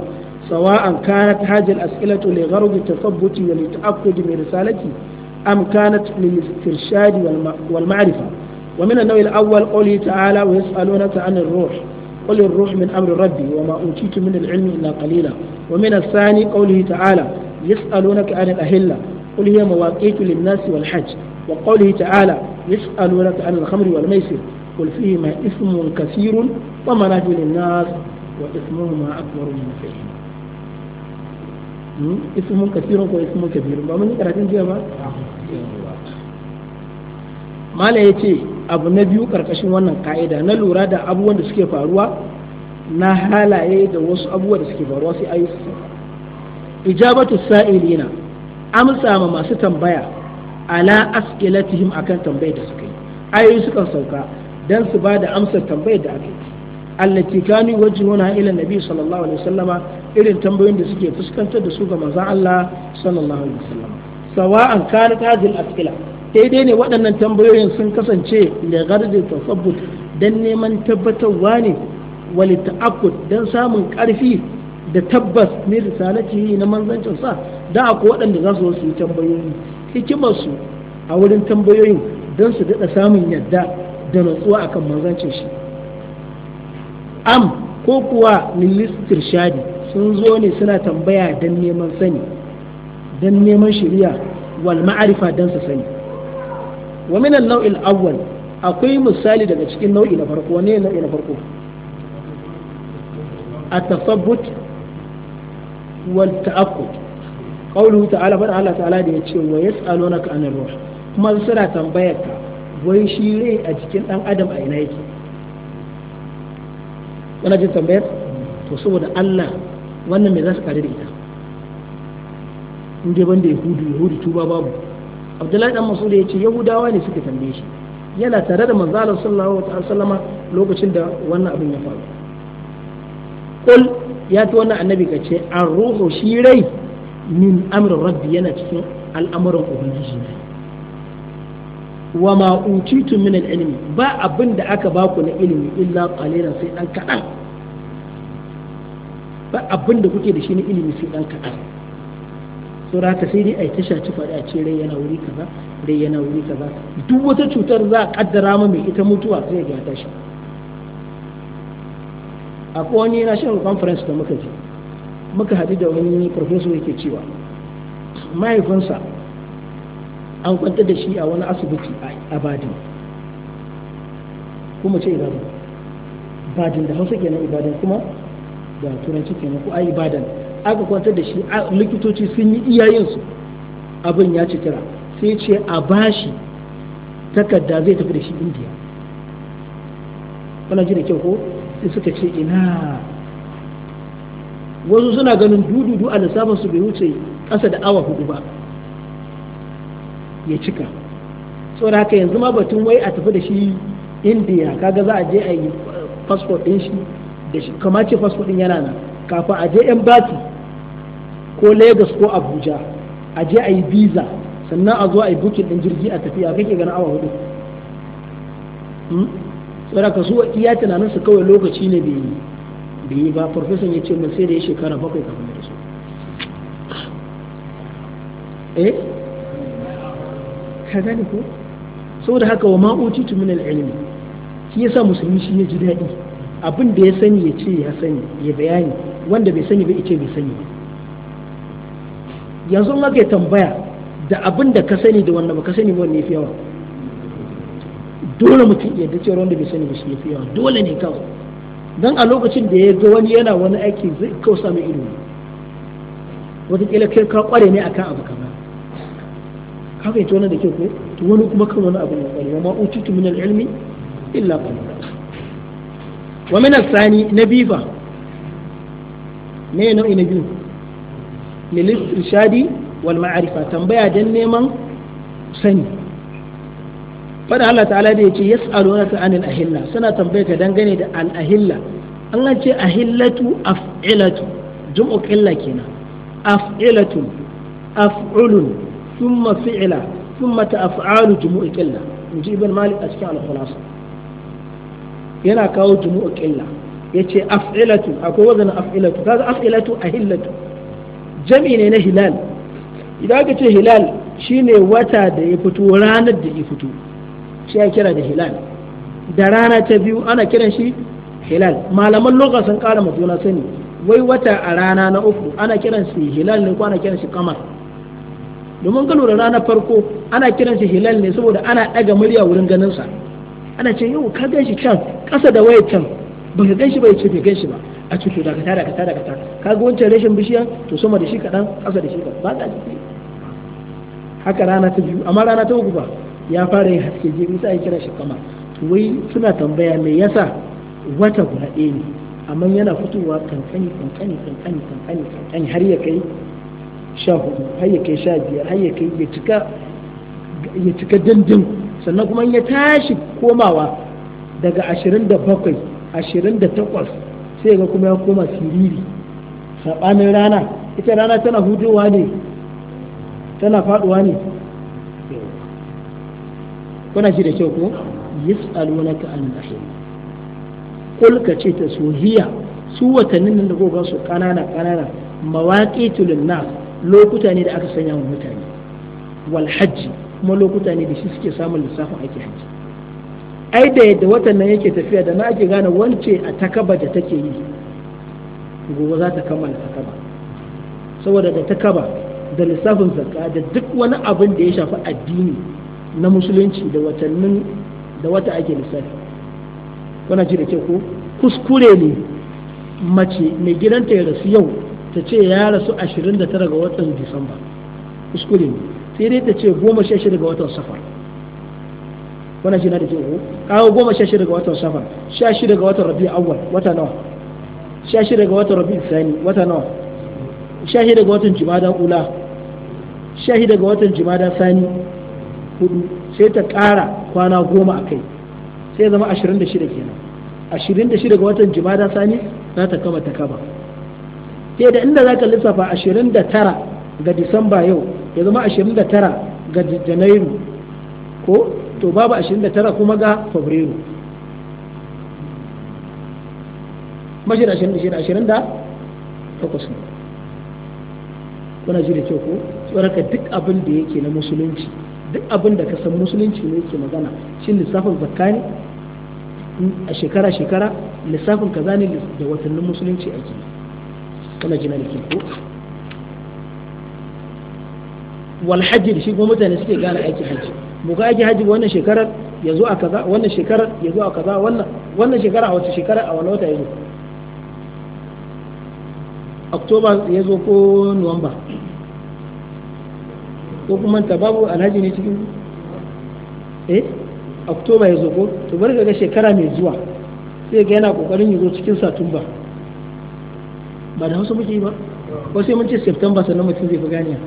سواء كانت هذه الأسئلة لغرض التثبت والتاكد من رسالته أم كانت للاسترشاد والمعرفة ومن النوع الأول قوله تعالى ويسألونك عن الروح قل الروح من أمر ربي وما أوتيت من العلم إلا قليلا ومن الثاني قوله تعالى يسألونك عن الأهلة قل هي مواقيت للناس والحج وقوله تعالى يسألونك عن الخمر والميسر قل فيهما إثم كثير ومنافع للناس وإثمهما أكبر من نفعهما ismun kasirun ko ismun kabirun ba mun yi karatun jiya ba mala ya ce abu na biyu ƙarƙashin wannan ka'ida na lura da abubuwan da suke faruwa na halaye da wasu abubuwa da suke faruwa sai ayyuka ijabatu sa'ilina amsa ma masu tambaya ala as'ilatihim akan tambayar da suka yi ayoyi suka sauka dan su ba da amsar tambayar da aka yi allati kanu wajhuna ila nabi sallallahu alaihi wasallama irin tambayoyin da suke fuskantar da su ga manzon Allah sallallahu alaihi wasallama sawa'an kanat hadhihi al-as'ila daidai ne waɗannan tambayoyin sun kasance da gardi tasabbut dan neman tabbatarwa ne wali ta'akkud dan samun ƙarfi da tabbas ne risalati na manzancin sa da akwai waɗanda za su yi tambayoyi hikimarsu a wurin tambayoyin don su daɗa samun yadda da natsuwa akan manzancin shi am ko kuwa ministir shadi sun zo ne suna tambaya don neman sani don neman shirya wal ma'arifa don su sani wa minan nau'il awwal akwai misali daga cikin nau'i na farko ne nau'i na farko A tasabbut wal ta'aqqud qawluhu ta'ala fa Allah ta'ala da yace wa yas'alunaka anir ruh kuma suna tambayar ka wai shi rai a cikin dan adam a ina yake kana jin tambayar to saboda Allah wannan me za su kare da ita in ya banda yahudu yahudu tuba babu abdullahi dan masud ya ce yahudawa ne suka tambaye shi yana tare da manzalar Allah sallallahu alaihi wasallama lokacin da wannan abin ya faru kul ya ta wannan annabi ka ce an ruhu shi rai min amrin rabbi yana cikin al'amuran ubangiji ne wa ma utitu min ilmi ba abin da aka ba ku na ilimi illa qalilan sai dan kadan ba abin da kuke da shi na ilimi sai dan kadan saboda haka sai dai ai ta shaci faɗi a ce rai yana wuri kaza rai yana wuri kaza duk wata cutar za a kaddara mu mai ita mutuwa sai ya tashi akwai wani na shan conference da muka je muka haɗu da wani professor yake cewa mahaifinsa an kwanta da shi a wani asibiti a badin kuma ce ibadan badin da hausa kenan ibadan kuma da turanci kenan ko a ibadan aka kwantar da shi likitoci sun yi iyayensu abin ya ci tira sai ce a bashi takarda zai tafi da shi indiya wani ji da kyau ko sai suka ce ina wasu suna ganin dududu a lissafansu bai wuce ƙasa da awa hudu ba ya cika saboda haka yanzu ma batun wai a tafi da shi indiya kaga za a je a yi fasfot eh, ɗin shi da shi kama ce fasfot ɗin yana nan kafin a je Bati ko lagos ko abuja a je a yi visa sannan a zo a yi bukin ɗin jirgi a tafiya kake ganin awa hudu hmm? saboda ka zuwa iya tunanin su kawai lokaci ne bai biyi ba farfesan ya ce mun sai da ya shekara bakwai kafin ya su eh ka gani ko saboda haka wa ma utitu min al-ilmi shi yasa musulmi shi ya ji daɗi abin da ya sani ya ce ya sani ya bayani wanda bai sani ba ya ce bai sani ba yanzu in aka tambaya da abin da ka sani da wanda baka sani ba wanne fi yawa dole mutum ya dace wanda bai sani ba shi fi yawa dole ne kawai don a lokacin da ya ga wani yana wani aiki zai kausa samun ilimi, wataƙila kai ka kware ne akan abu kaza ka fahimci wannan da ke ko to wani kuma kan wani abu ne kware wa ma utitu min al-ilmi illa qalila wa min as-sani Na me nau'i na biyu lil irshadi wal ma'arifa tambaya dan neman sani fada Allah ta'ala da yake yas'alunaka anil ahilla suna tambaye ka dangane da al ahilla an ce ahillatu af'ilatu jum'u illa kenan af'ilatu af'ulun thumma fi'la thumma ta'af'alu jumu'u illa in ji ibn malik a cikin al-khulasa yana kawo jumu'u illa yace af'ilatu akwai wazanin af'ilatu kaga af'ilatu ahillatu jami ne na hilal idan aka ce hilal shine wata da ya fito ranar da ya fito shi ya kira da hilal da rana ta biyu ana kiran shi hilal malaman lokacin sun kara ma sani wai wata a rana na uku ana kiran shi hilal ne ko ana kiran shi kamar domin ka lura ranar farko ana kiran shi hilal ne saboda ana daga murya wurin ganin sa ana ce yau ka gan shi can kasa da waya can ba ka gan shi ba ya ce bai gan shi ba a cikin da kata da kata da kata ka ga wancan rashin bishiyan, to sama da shi kaɗan kasa da shi ba ka haka rana ta biyu amma rana ta uku ba ya fara yin haske jibi sai ya kira shi kama wai suna tambaya me yasa wata guda ne amma yana fitowa kankani kankani kankani kankani kankani har ya kai sha hudu har ya kai sha biyar har ya kai ya cika ya cika dindin sannan kuma ya tashi komawa daga ashirin da bakwai ashirin da takwas sai ga kuma ya koma siriri saɓanin rana ita rana tana hudowa ne tana faɗuwa ne kuna ji da kyau ko yas'alunaka an mahid kul ka ce ta sohiya su watannin nan da goga su kanana kanana mawaqitul nas lokuta ne da aka sanya wa mutane wal hajj kuma lokuta ne da shi suke samun lissafin ake hajji ai da yadda watan nan yake tafiya da na ake gane wance a takaba da take yi gobe za ta kammala takaba saboda da takaba da lissafin zakka da duk wani abin da ya shafi addini na musulunci da watannin da wata ake lissafi kuna ji da ke ko kuskure ne mace mai gidanta ya rasu yau ta ce ya rasu 29 ga watan disamba kuskure ne sai dai ta ce 16 ga watan safar kuna ji na da ke ko kawo 16 ga watan safar 16 ga watan rabi awwal wata nawa 16 ga watan rabi sani wata nawa 16 ga watan jimada ula 16 ga watan jimada sani hudu sai ta ƙara kwana goma a kai sai zama ashirin da shida kenan ashirin da shida ga watan jimada sani za ta kama ta kama sai da inda za ka lissafa ashirin da tara ga disamba yau ya zama ashirin da tara ga janairu ko to babu ashirin da tara kuma ga fabrairu mashi da ashirin da shida ashirin da takwas ne kuna ji da kyau ko tsoraka duk abin da yake na musulunci duk abin da ka san musulunci ne yake magana shin lissafin zakka ne a shekara shekara lissafin kaza ne da watannin musulunci ake kana jina da ke ko wal hajji shi kuma mutane suke gane aiki hajji mu ga aiki hajji wannan shekarar ya zo a kaza wannan shekarar ya zo a kaza wannan wannan shekara a wace shekara a wani wata ya zo oktoba ya zo ko nuwamba ko kuma ta babu alhaji ne cikin eh oktoba ya zo ko to bari ga shekara mai zuwa sai ga yana kokarin ya zo cikin satumba ba da hausa muke yi ba ko sai mun ce september sannan mutum zai fi ganiya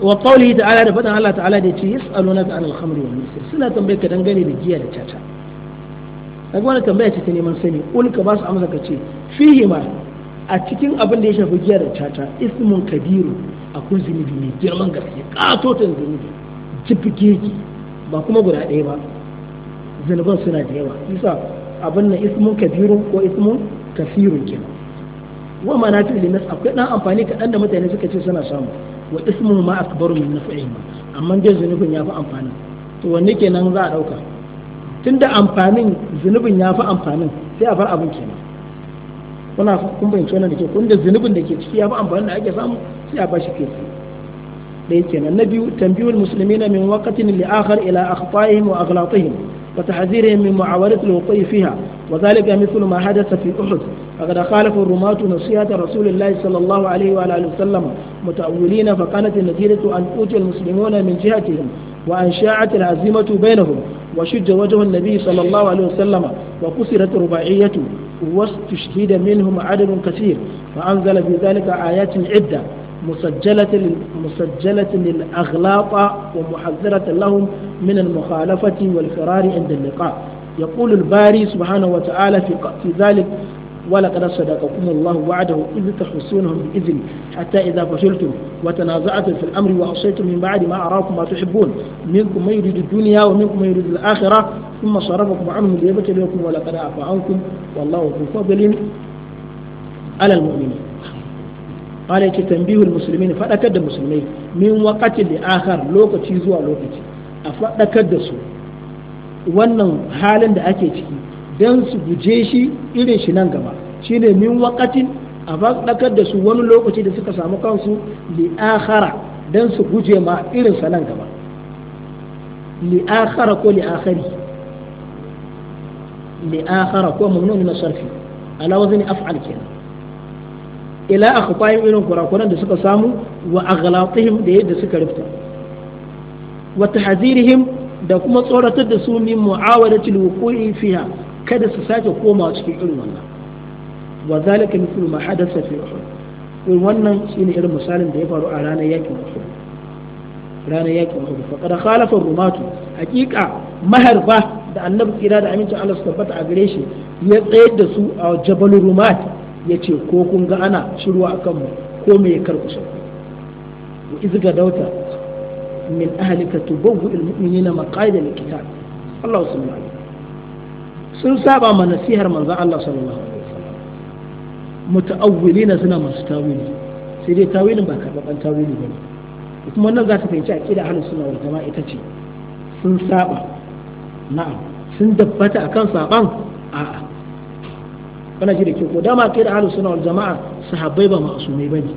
wa qawlihi ta'ala da fadan Allah ta'ala da yace yas'alunaka anil khamri wal maisir suna tambaye ka dangane da giya da caca kaga wannan tambaya ce ta neman sani ulka ka ba su amsa ka ce fihi ma a cikin abin da ya shafi giya da cata ismun kabiru akwai zunubi mai girman gaske katotan zunubi jifigegi ba kuma guda ɗaya ba zunuban suna da yawa isa abin na ismun kabiru ko ismun kasirun ke. wa mana fi limas akwai ɗan amfani kaɗan da mutane suka ce suna samu wa ismun ma akbaru min nafi'in amma dai zunubin ya fi amfani. to wanne kenan za a ɗauka tunda amfanin zunubin ya fi amfanin sai a bar abin kenan kuna kun bayyana wannan da ke kun da zunubin da ke ciki ya fi amfani da ake samu sai a bashi kai da yake nan na tambiyul muslimina min waqtin li akhar ila akhtaihim wa aghlatihim wa tahdhirihim min mu'awarat al-wuqi fiha wa dhalika mithlu ma hadatha fi uhud فقد خالفوا الرماة نصيحة رسول الله صلى الله عليه وعلى آله وسلم متأولين فكانت النتيجة أن أوتي المسلمون من جهتهم وأن شاعت العزيمة بينهم وشج وجه النبي صلى الله عليه وسلم وكسرت رباعيته واستشهد منهم عدد كثير فأنزل في ذلك آيات عدة مسجلة مسجلة للأغلاط ومحذرة لهم من المخالفة والفرار عند اللقاء يقول الباري سبحانه وتعالى في ذلك ولقد صدقكم الله وعده إذ تحسونهم بإذن حتى إذا فشلتم وتنازعتم في الأمر وعصيتم من بعد ما أراكم ما تحبون منكم من يريد الدنيا ومنكم من يريد الآخرة ثم صرفكم عنهم ليبتليكم ولقد عفا عنكم والله ذو فضل على المؤمنين قال يكي تنبيه المسلمين فأكد المسلمين من وقت لآخر لوكتي زوا لوكتي أفأكد سوء wannan halin da ake ciki don su guje shi irin shi nan gaba shi ne min wakatin a bakar da su wani lokaci da suka samu kansu li'akhara don su guje ma irin sa nan gaba li'akhara ko li'akhari li'akhara ko mamnun na sarfi ala wazni af'al kenan ila akhfa'in irin kurakuran da suka samu wa aghlaqihim da yadda suka rufta wa tahzirihim da kuma tsoratar da su min mu'awadatil wuqu'i fiha kada su sake koma cikin irin wannan wa zalika mithlu ma hadatha fi uhud in wannan shine irin misalin da ya faru a ranar yakin uhud ranar yakin uhud fa kada khalafa rumatu haqiqa maharba da annabi tsira da amincin Allah su tabbata a gare shi ya tsayar da su a jabal rumat yace ko kun ga ana shiruwa akan mu ko me ya karkusa wa izga dauta min ahlika tubawwu al mu'minina maqaida al kitab Allah subhanahu sun saba ma nasihar manzo Allah sallallahu alaihi wasallam muta'awwilina suna masu tawili sai dai tawilin ba karɓaɓɓen tawili ba ne kuma wannan za ta fahimci kida halin suna wal jama'a ita ce sun saba na'am sun dabbata akan saban a'a kana ji da ke ko dama kida halin suna wal jama'a sahabbai ba ma'asumai bane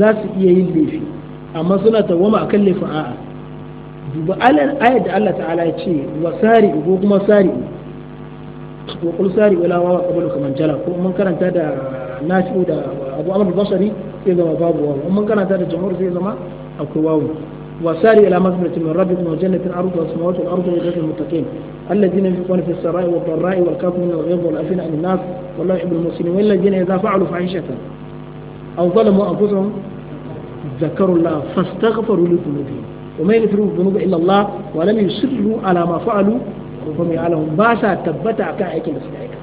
za su iya yin laifi amma suna tawama akan laifin a'a duba ayat da Allah ta'ala ya ce wa sari'u ko kuma sari'u وقل ساري ولا واو قبلك من جلا ومن كان تدا ناشئ ابو أمر البصري في ذا باب ومن كان تدا جمهور في زمان اكو وساري الى مزبله من رب من جنه الارض والسماوات والارض وجنه المتقين الذين يكون في السراء والضراء والكاف من الغيظ والافئده عن الناس والله يحب المسلمين والذين اذا فعلوا فعيشة او ظلموا انفسهم ذكروا الله فاستغفروا لذنوبهم وما يغفروا الذنوب الا الله ولم يصروا على ما فعلوا ko ya alamun ba sa tabbata kan aikin da suka aika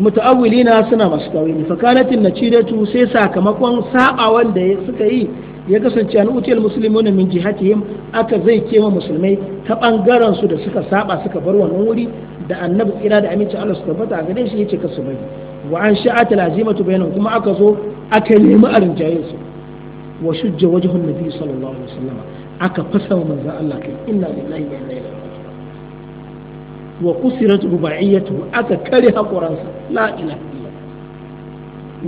muta'awwilina suna masu tawili fa kanatin natijatu sai sakamakon sabawan da suka yi ya kasance an utiyal muslimuna min jihatihim aka zai kema musulmai ta bangaren su da suka saba suka bar wannan wuri da annabi kira da aminci Allah su tabbata a gare shi yace kasu bai wa an sha'at alazimatu bainahum kuma aka zo aka nemi a su wa shujja wajhun nabi sallallahu alaihi wasallam aka fasa wa manzan Allah kai inna lillahi wa inna ilaihi wa kusirat rubaiyatu aka kare hakoransa la ilaha illa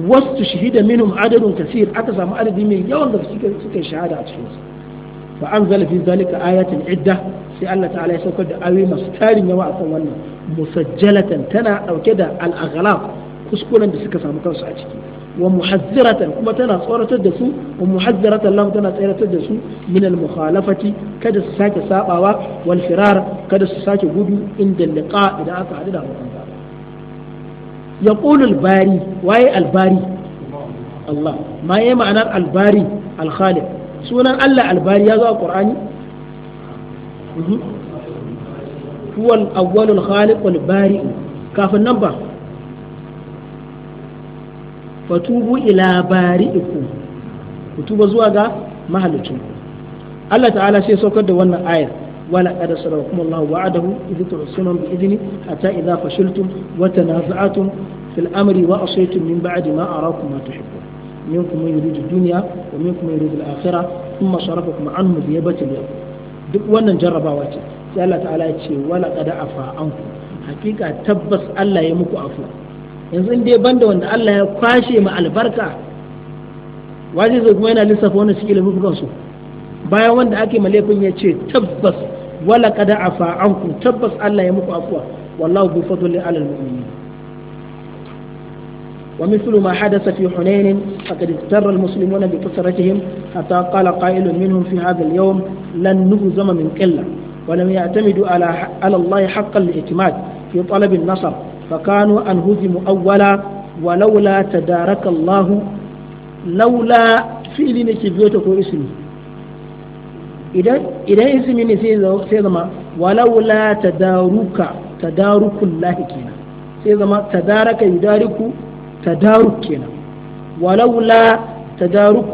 wasu shahida minhum adadun kasir aka samu adadi mai yawan da suke shahada a cikin su fa anzala fi zalika ayatin idda sai Allah ta'ala ya saukar da ayoyi masu tarin yawa akan wannan musajjalatan tana dauke da al-aghlaq kuskuren da suka samu kansu a ciki wa muhazziratan kuma tana tsoratar da su wa muhazziratan lam tana tsoratar da su min al mukhalafati kada su sake sabawa wal kada su sake gudu inda liqa idan aka hadu da mutum yaqulu waye al Allah ma yayi ma'anar albari bari al khaliq sunan Allah al bari ya zo a qur'ani mhm. huwa awwal al khaliq kafin nan ba fatubu ila bari'ikum ku tuba zuwa ga mahalicinku Allah ta'ala sai saukar da wannan ayar wala qad sarakum Allah wa'adahu idh tu'suna bi idni hatta idha fashiltum wa tanaza'tum fil amri wa asaytum min ba'di ma arakum ma tuhibbun minkum man yuridu dunya wa minkum man yuridu al-akhirah thumma sarafakum anhum bi yabatil duk wannan jarrabawa ce sai Allah ta'ala ya ce wala qad afa ankum hakika tabbas Allah ya muku afuwa yanzu in dai banda wanda Allah ya kwashe mu albarka waje zai kuma yana lissafa wani cikin lafufukan su bayan wanda ake ma laifin ya ce tabbas wala kada afa an ku tabbas Allah ya muku afuwa wallahu bi fadli alal mu'minin wa mithlu ma hadatha fi hunain faqad istarra al muslimuna bi qasratihim hatta qala qailun minhum fi hadha al yawm lan nuzama min qilla ولم يعتمدوا على على الله حق الاعتماد في طلب النصر fakanu an huzimu awwala wa laula tadaraka Allah laula fi'ili biyo ko ismi idan idan ismi ne sai zama wa laula tadaruka tadarukul lahi kenan sai zama tadaraka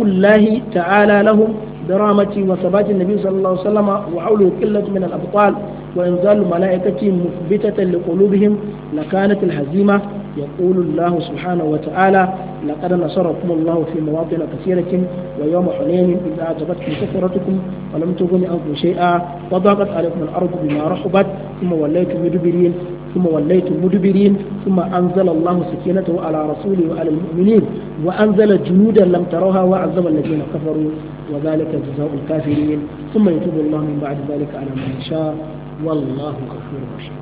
lahi ta'ala lahum برامتي وثبات النبي صلى الله عليه وسلم وعوله قلة من الأبطال وإنزال الملائكة مثبتة لقلوبهم لكانت الهزيمة يقول الله سبحانه وتعالى لقد نصركم الله في مواطن كثيرة ويوم حنين إذ أعجبتكم كثرتكم ولم تغن عنكم شيئا وضاقت عليكم الأرض بما رحبت ثم وليتم مدبرين ثم وليتم مدبرين ثم أنزل الله سكينته على رسوله وعلى المؤمنين وأنزل جنودا لم تروها وعذب الذين كفروا وذلك جزاء الكافرين ثم يتوب الله من بعد ذلك على من يشاء wallahu ghafurur rahim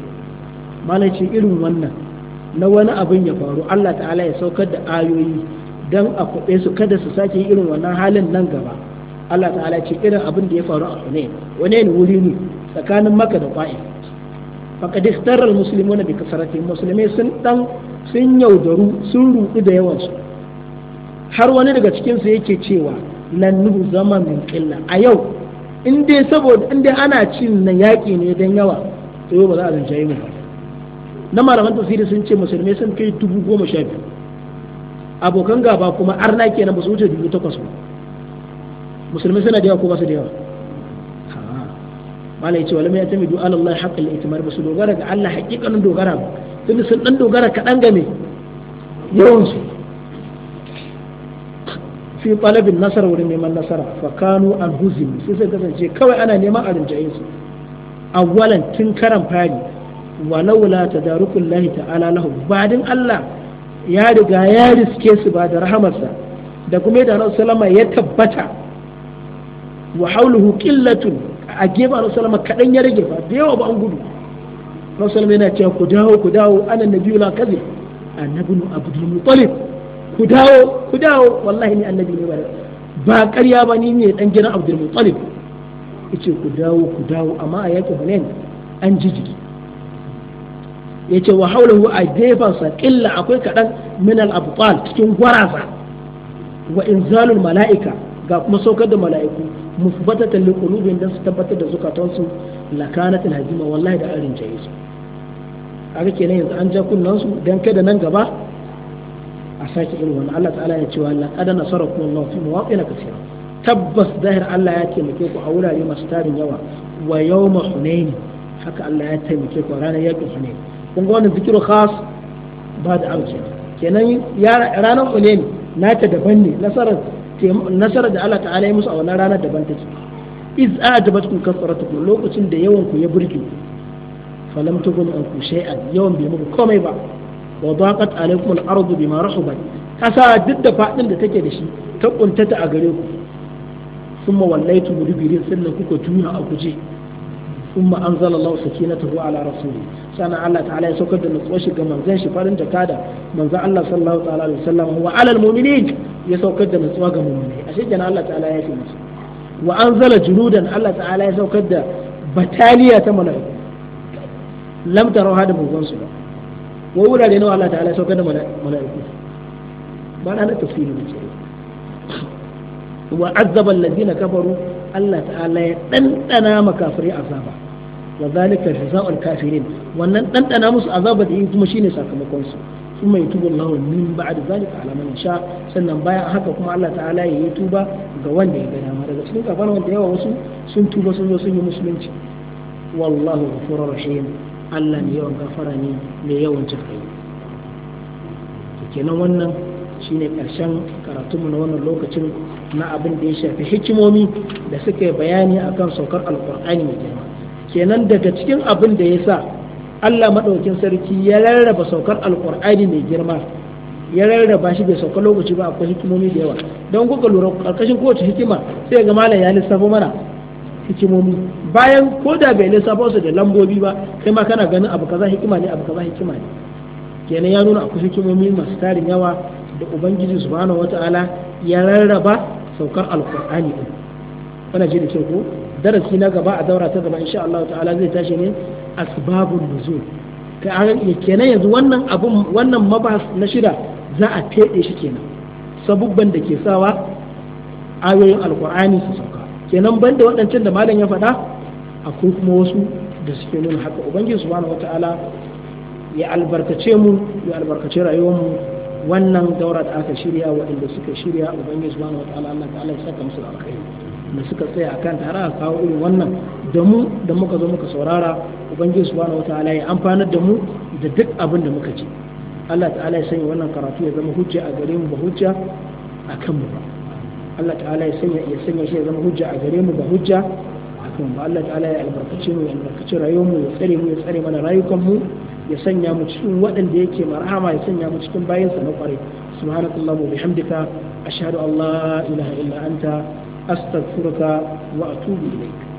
malai ce irin wannan na wani abin ya faru Allah ta'ala ya saukar da ayoyi dan a kuɓe su kada su sake irin wannan halin nan gaba Allah ta'ala ce irin abin da ya faru a Hunain wani ne wuri ne tsakanin Makka da Ta'if faqad istara al-muslimuna bi kasrati muslimai sun dan sun yaudaru sun rudu da yawan su har wani daga cikin su yake cewa lan nuhu zaman min qilla a yau in dai saboda in dai ana cin na yaƙi ne don yawa to yau ba za a zance yi ba na malaman tafsiri sun ce musulmai sun kai dubu goma sha biyu abokan gaba kuma arna kenan ba su wuce dubu takwas ba musulmai suna da yawa ko ba su da yawa mala ya ce wala ya tamidu ala Allah haqqal itimar ba su dogara ga Allah haƙiƙanin dogara ba tunda sun ɗan dogara kaɗan game yawansu fi talabin nasara wurin neman nasara fa kanu an huzim sai sai kasance kawai ana neman arinjaye su awwalan tun karan fari walau la tadarukul lahi ta'ala lahu badin Allah ya riga ya riske su ba da rahamarsa da kuma da Rasul sallama ya tabbata wa hawluhu qillatun a gefe Rasul sallama kadan ya rage ba da yawa ba an gudu Rasul sallama yana cewa ku dawo ku dawo anan nabiyul kadhib annabinu abdul muttalib ku dawo ku dawo wallahi ni annabi ne ba ƙarya ba ni ne dan gidan Abdul Muttalib yace ku dawo ku dawo amma a yakin Hunain an jijigi? jiki yace wa haulahu a sa killa akwai kaɗan min al-abtal cikin gwaraza wa inzalul mala'ika ga kuma saukar da mala'iku musbatatan li qulubin dan su tabbatar da zukatansu lakanat al-hazima wallahi da arin jayi su kenan yanzu an ja kunnan su dan kada nan gaba a sake irin wannan Allah ta'ala ya ce wa Allah kada nasarakum Allah fi mawaqina kaseera tabbas zahir Allah ya taimake ku a wurare masu tarin yawa wa yawma hunain haka Allah ya taimake ku ranar yaqin hunain kun ga wannan zikiru khas ba da auce kenan ranar hunain ta daban ne nasarar nasarar da Allah ta'ala ya musu a wannan ranar daban take iz ajabatkum kasratukum lokacin da yawan ku ya burge falam tugun an ku shay'an yawan bai muku komai ba wa daqat alaikum al-ardu bima rahabat kasa duk da faɗin da take da shi ta ƙuntata a gare ku summa wallaitu mudbirin sannan kuka tuna a guje summa anzala Allah sakinatahu ala rasuli sana Allah ta'ala ya saukar da nutsuwar shi ga manzon farin da kada Allah sallallahu alaihi wasallam wa alal mu'minin ya saukar da nutsuwa ga mu'mini ashe Allah ta'ala ya fi musu Allah ta'ala ya da bataliya ta mala'iku lam da bugun ba Wa wurare nawa Allah ta'ala saukar da mala'iku ba na da tafsiri da cewa wa azzaba alladhina kafaru Allah ta'ala ya dandana makafiri azaba wa zalika jazaa'ul kafirin wannan dandana musu azaba da kuma shine sakamakon su kuma ya tuba Allah min ba'd zalika ala man sha sannan bayan haka kuma Allah ta'ala ya yi tuba ga wanda ya gana ma daga cikin kafan wanda yawa wasu sun tuba sun zo sun yi musulunci wallahu ghafurur rahim Allah mai yawan gafara ne mai yawan jikai kenan wannan shi ne karshen karatunmu na wannan lokacin na abin da ya shafi hikimomi da suke bayani akan saukar Alƙur'ani mai girma kenan daga cikin abin da ya sa Allah maɗaukin sarki ya rarraba saukar Alƙur'ani mai girma ya rarraba shi bai sauka lokaci ba akwai hikimomi da yawa don kuka lura ƙarƙashin kowace hikima sai ga malam ya lissafa mana hikimomi bayan ko da bai lissafo su da lambobi ba kai ma kana ganin abu kaza hikima ne abu kaza hikima ne kenan ya nuna akwai hikimomi masu tarin yawa da ubangiji subhanahu wataala ya rarraba saukar alqur'ani din wannan shi da kyau ko darasi na gaba a daura ta gaba insha Allah ta'ala zai tashi ne asbabun nuzul ka an kenan yanzu wannan abun wannan mabas na shida za a fede shi kenan sabubban da ke sawa ayoyin alqur'ani su sauka kenan banda waɗancan da malam ya faɗa akwai kuma wasu da suke nuna haka ubangiji subhanahu wataala ya albarkace mu ya albarkace rayuwar mu wannan daura da aka shirya waɗanda suka shirya ubangiji subhanahu wataala Allah ta'ala ya saka musu alkhairi da suka tsaya akan tare a kawo irin wannan da mu da muka zo muka saurara ubangiji subhanahu wataala ya amfanar da mu da duk abin da muka ji Allah ta'ala ya sanya wannan karatu ya zama hujja a gare mu ba hujja a mu ba Allah ta'ala ya sanya ya sanya shi ya zama hujja a gare mu ba hujja akan ba Allah ta'ala ya albarkace mu ya albarkace rayuwar mu ya tsare mu ya tsare mana rayukan mu ya sanya mu cikin waɗanda yake marhama ya sanya mu cikin su na kwarai subhanakallah wa bihamdika ashhadu an la ilaha illa anta astaghfiruka wa atubu ilaik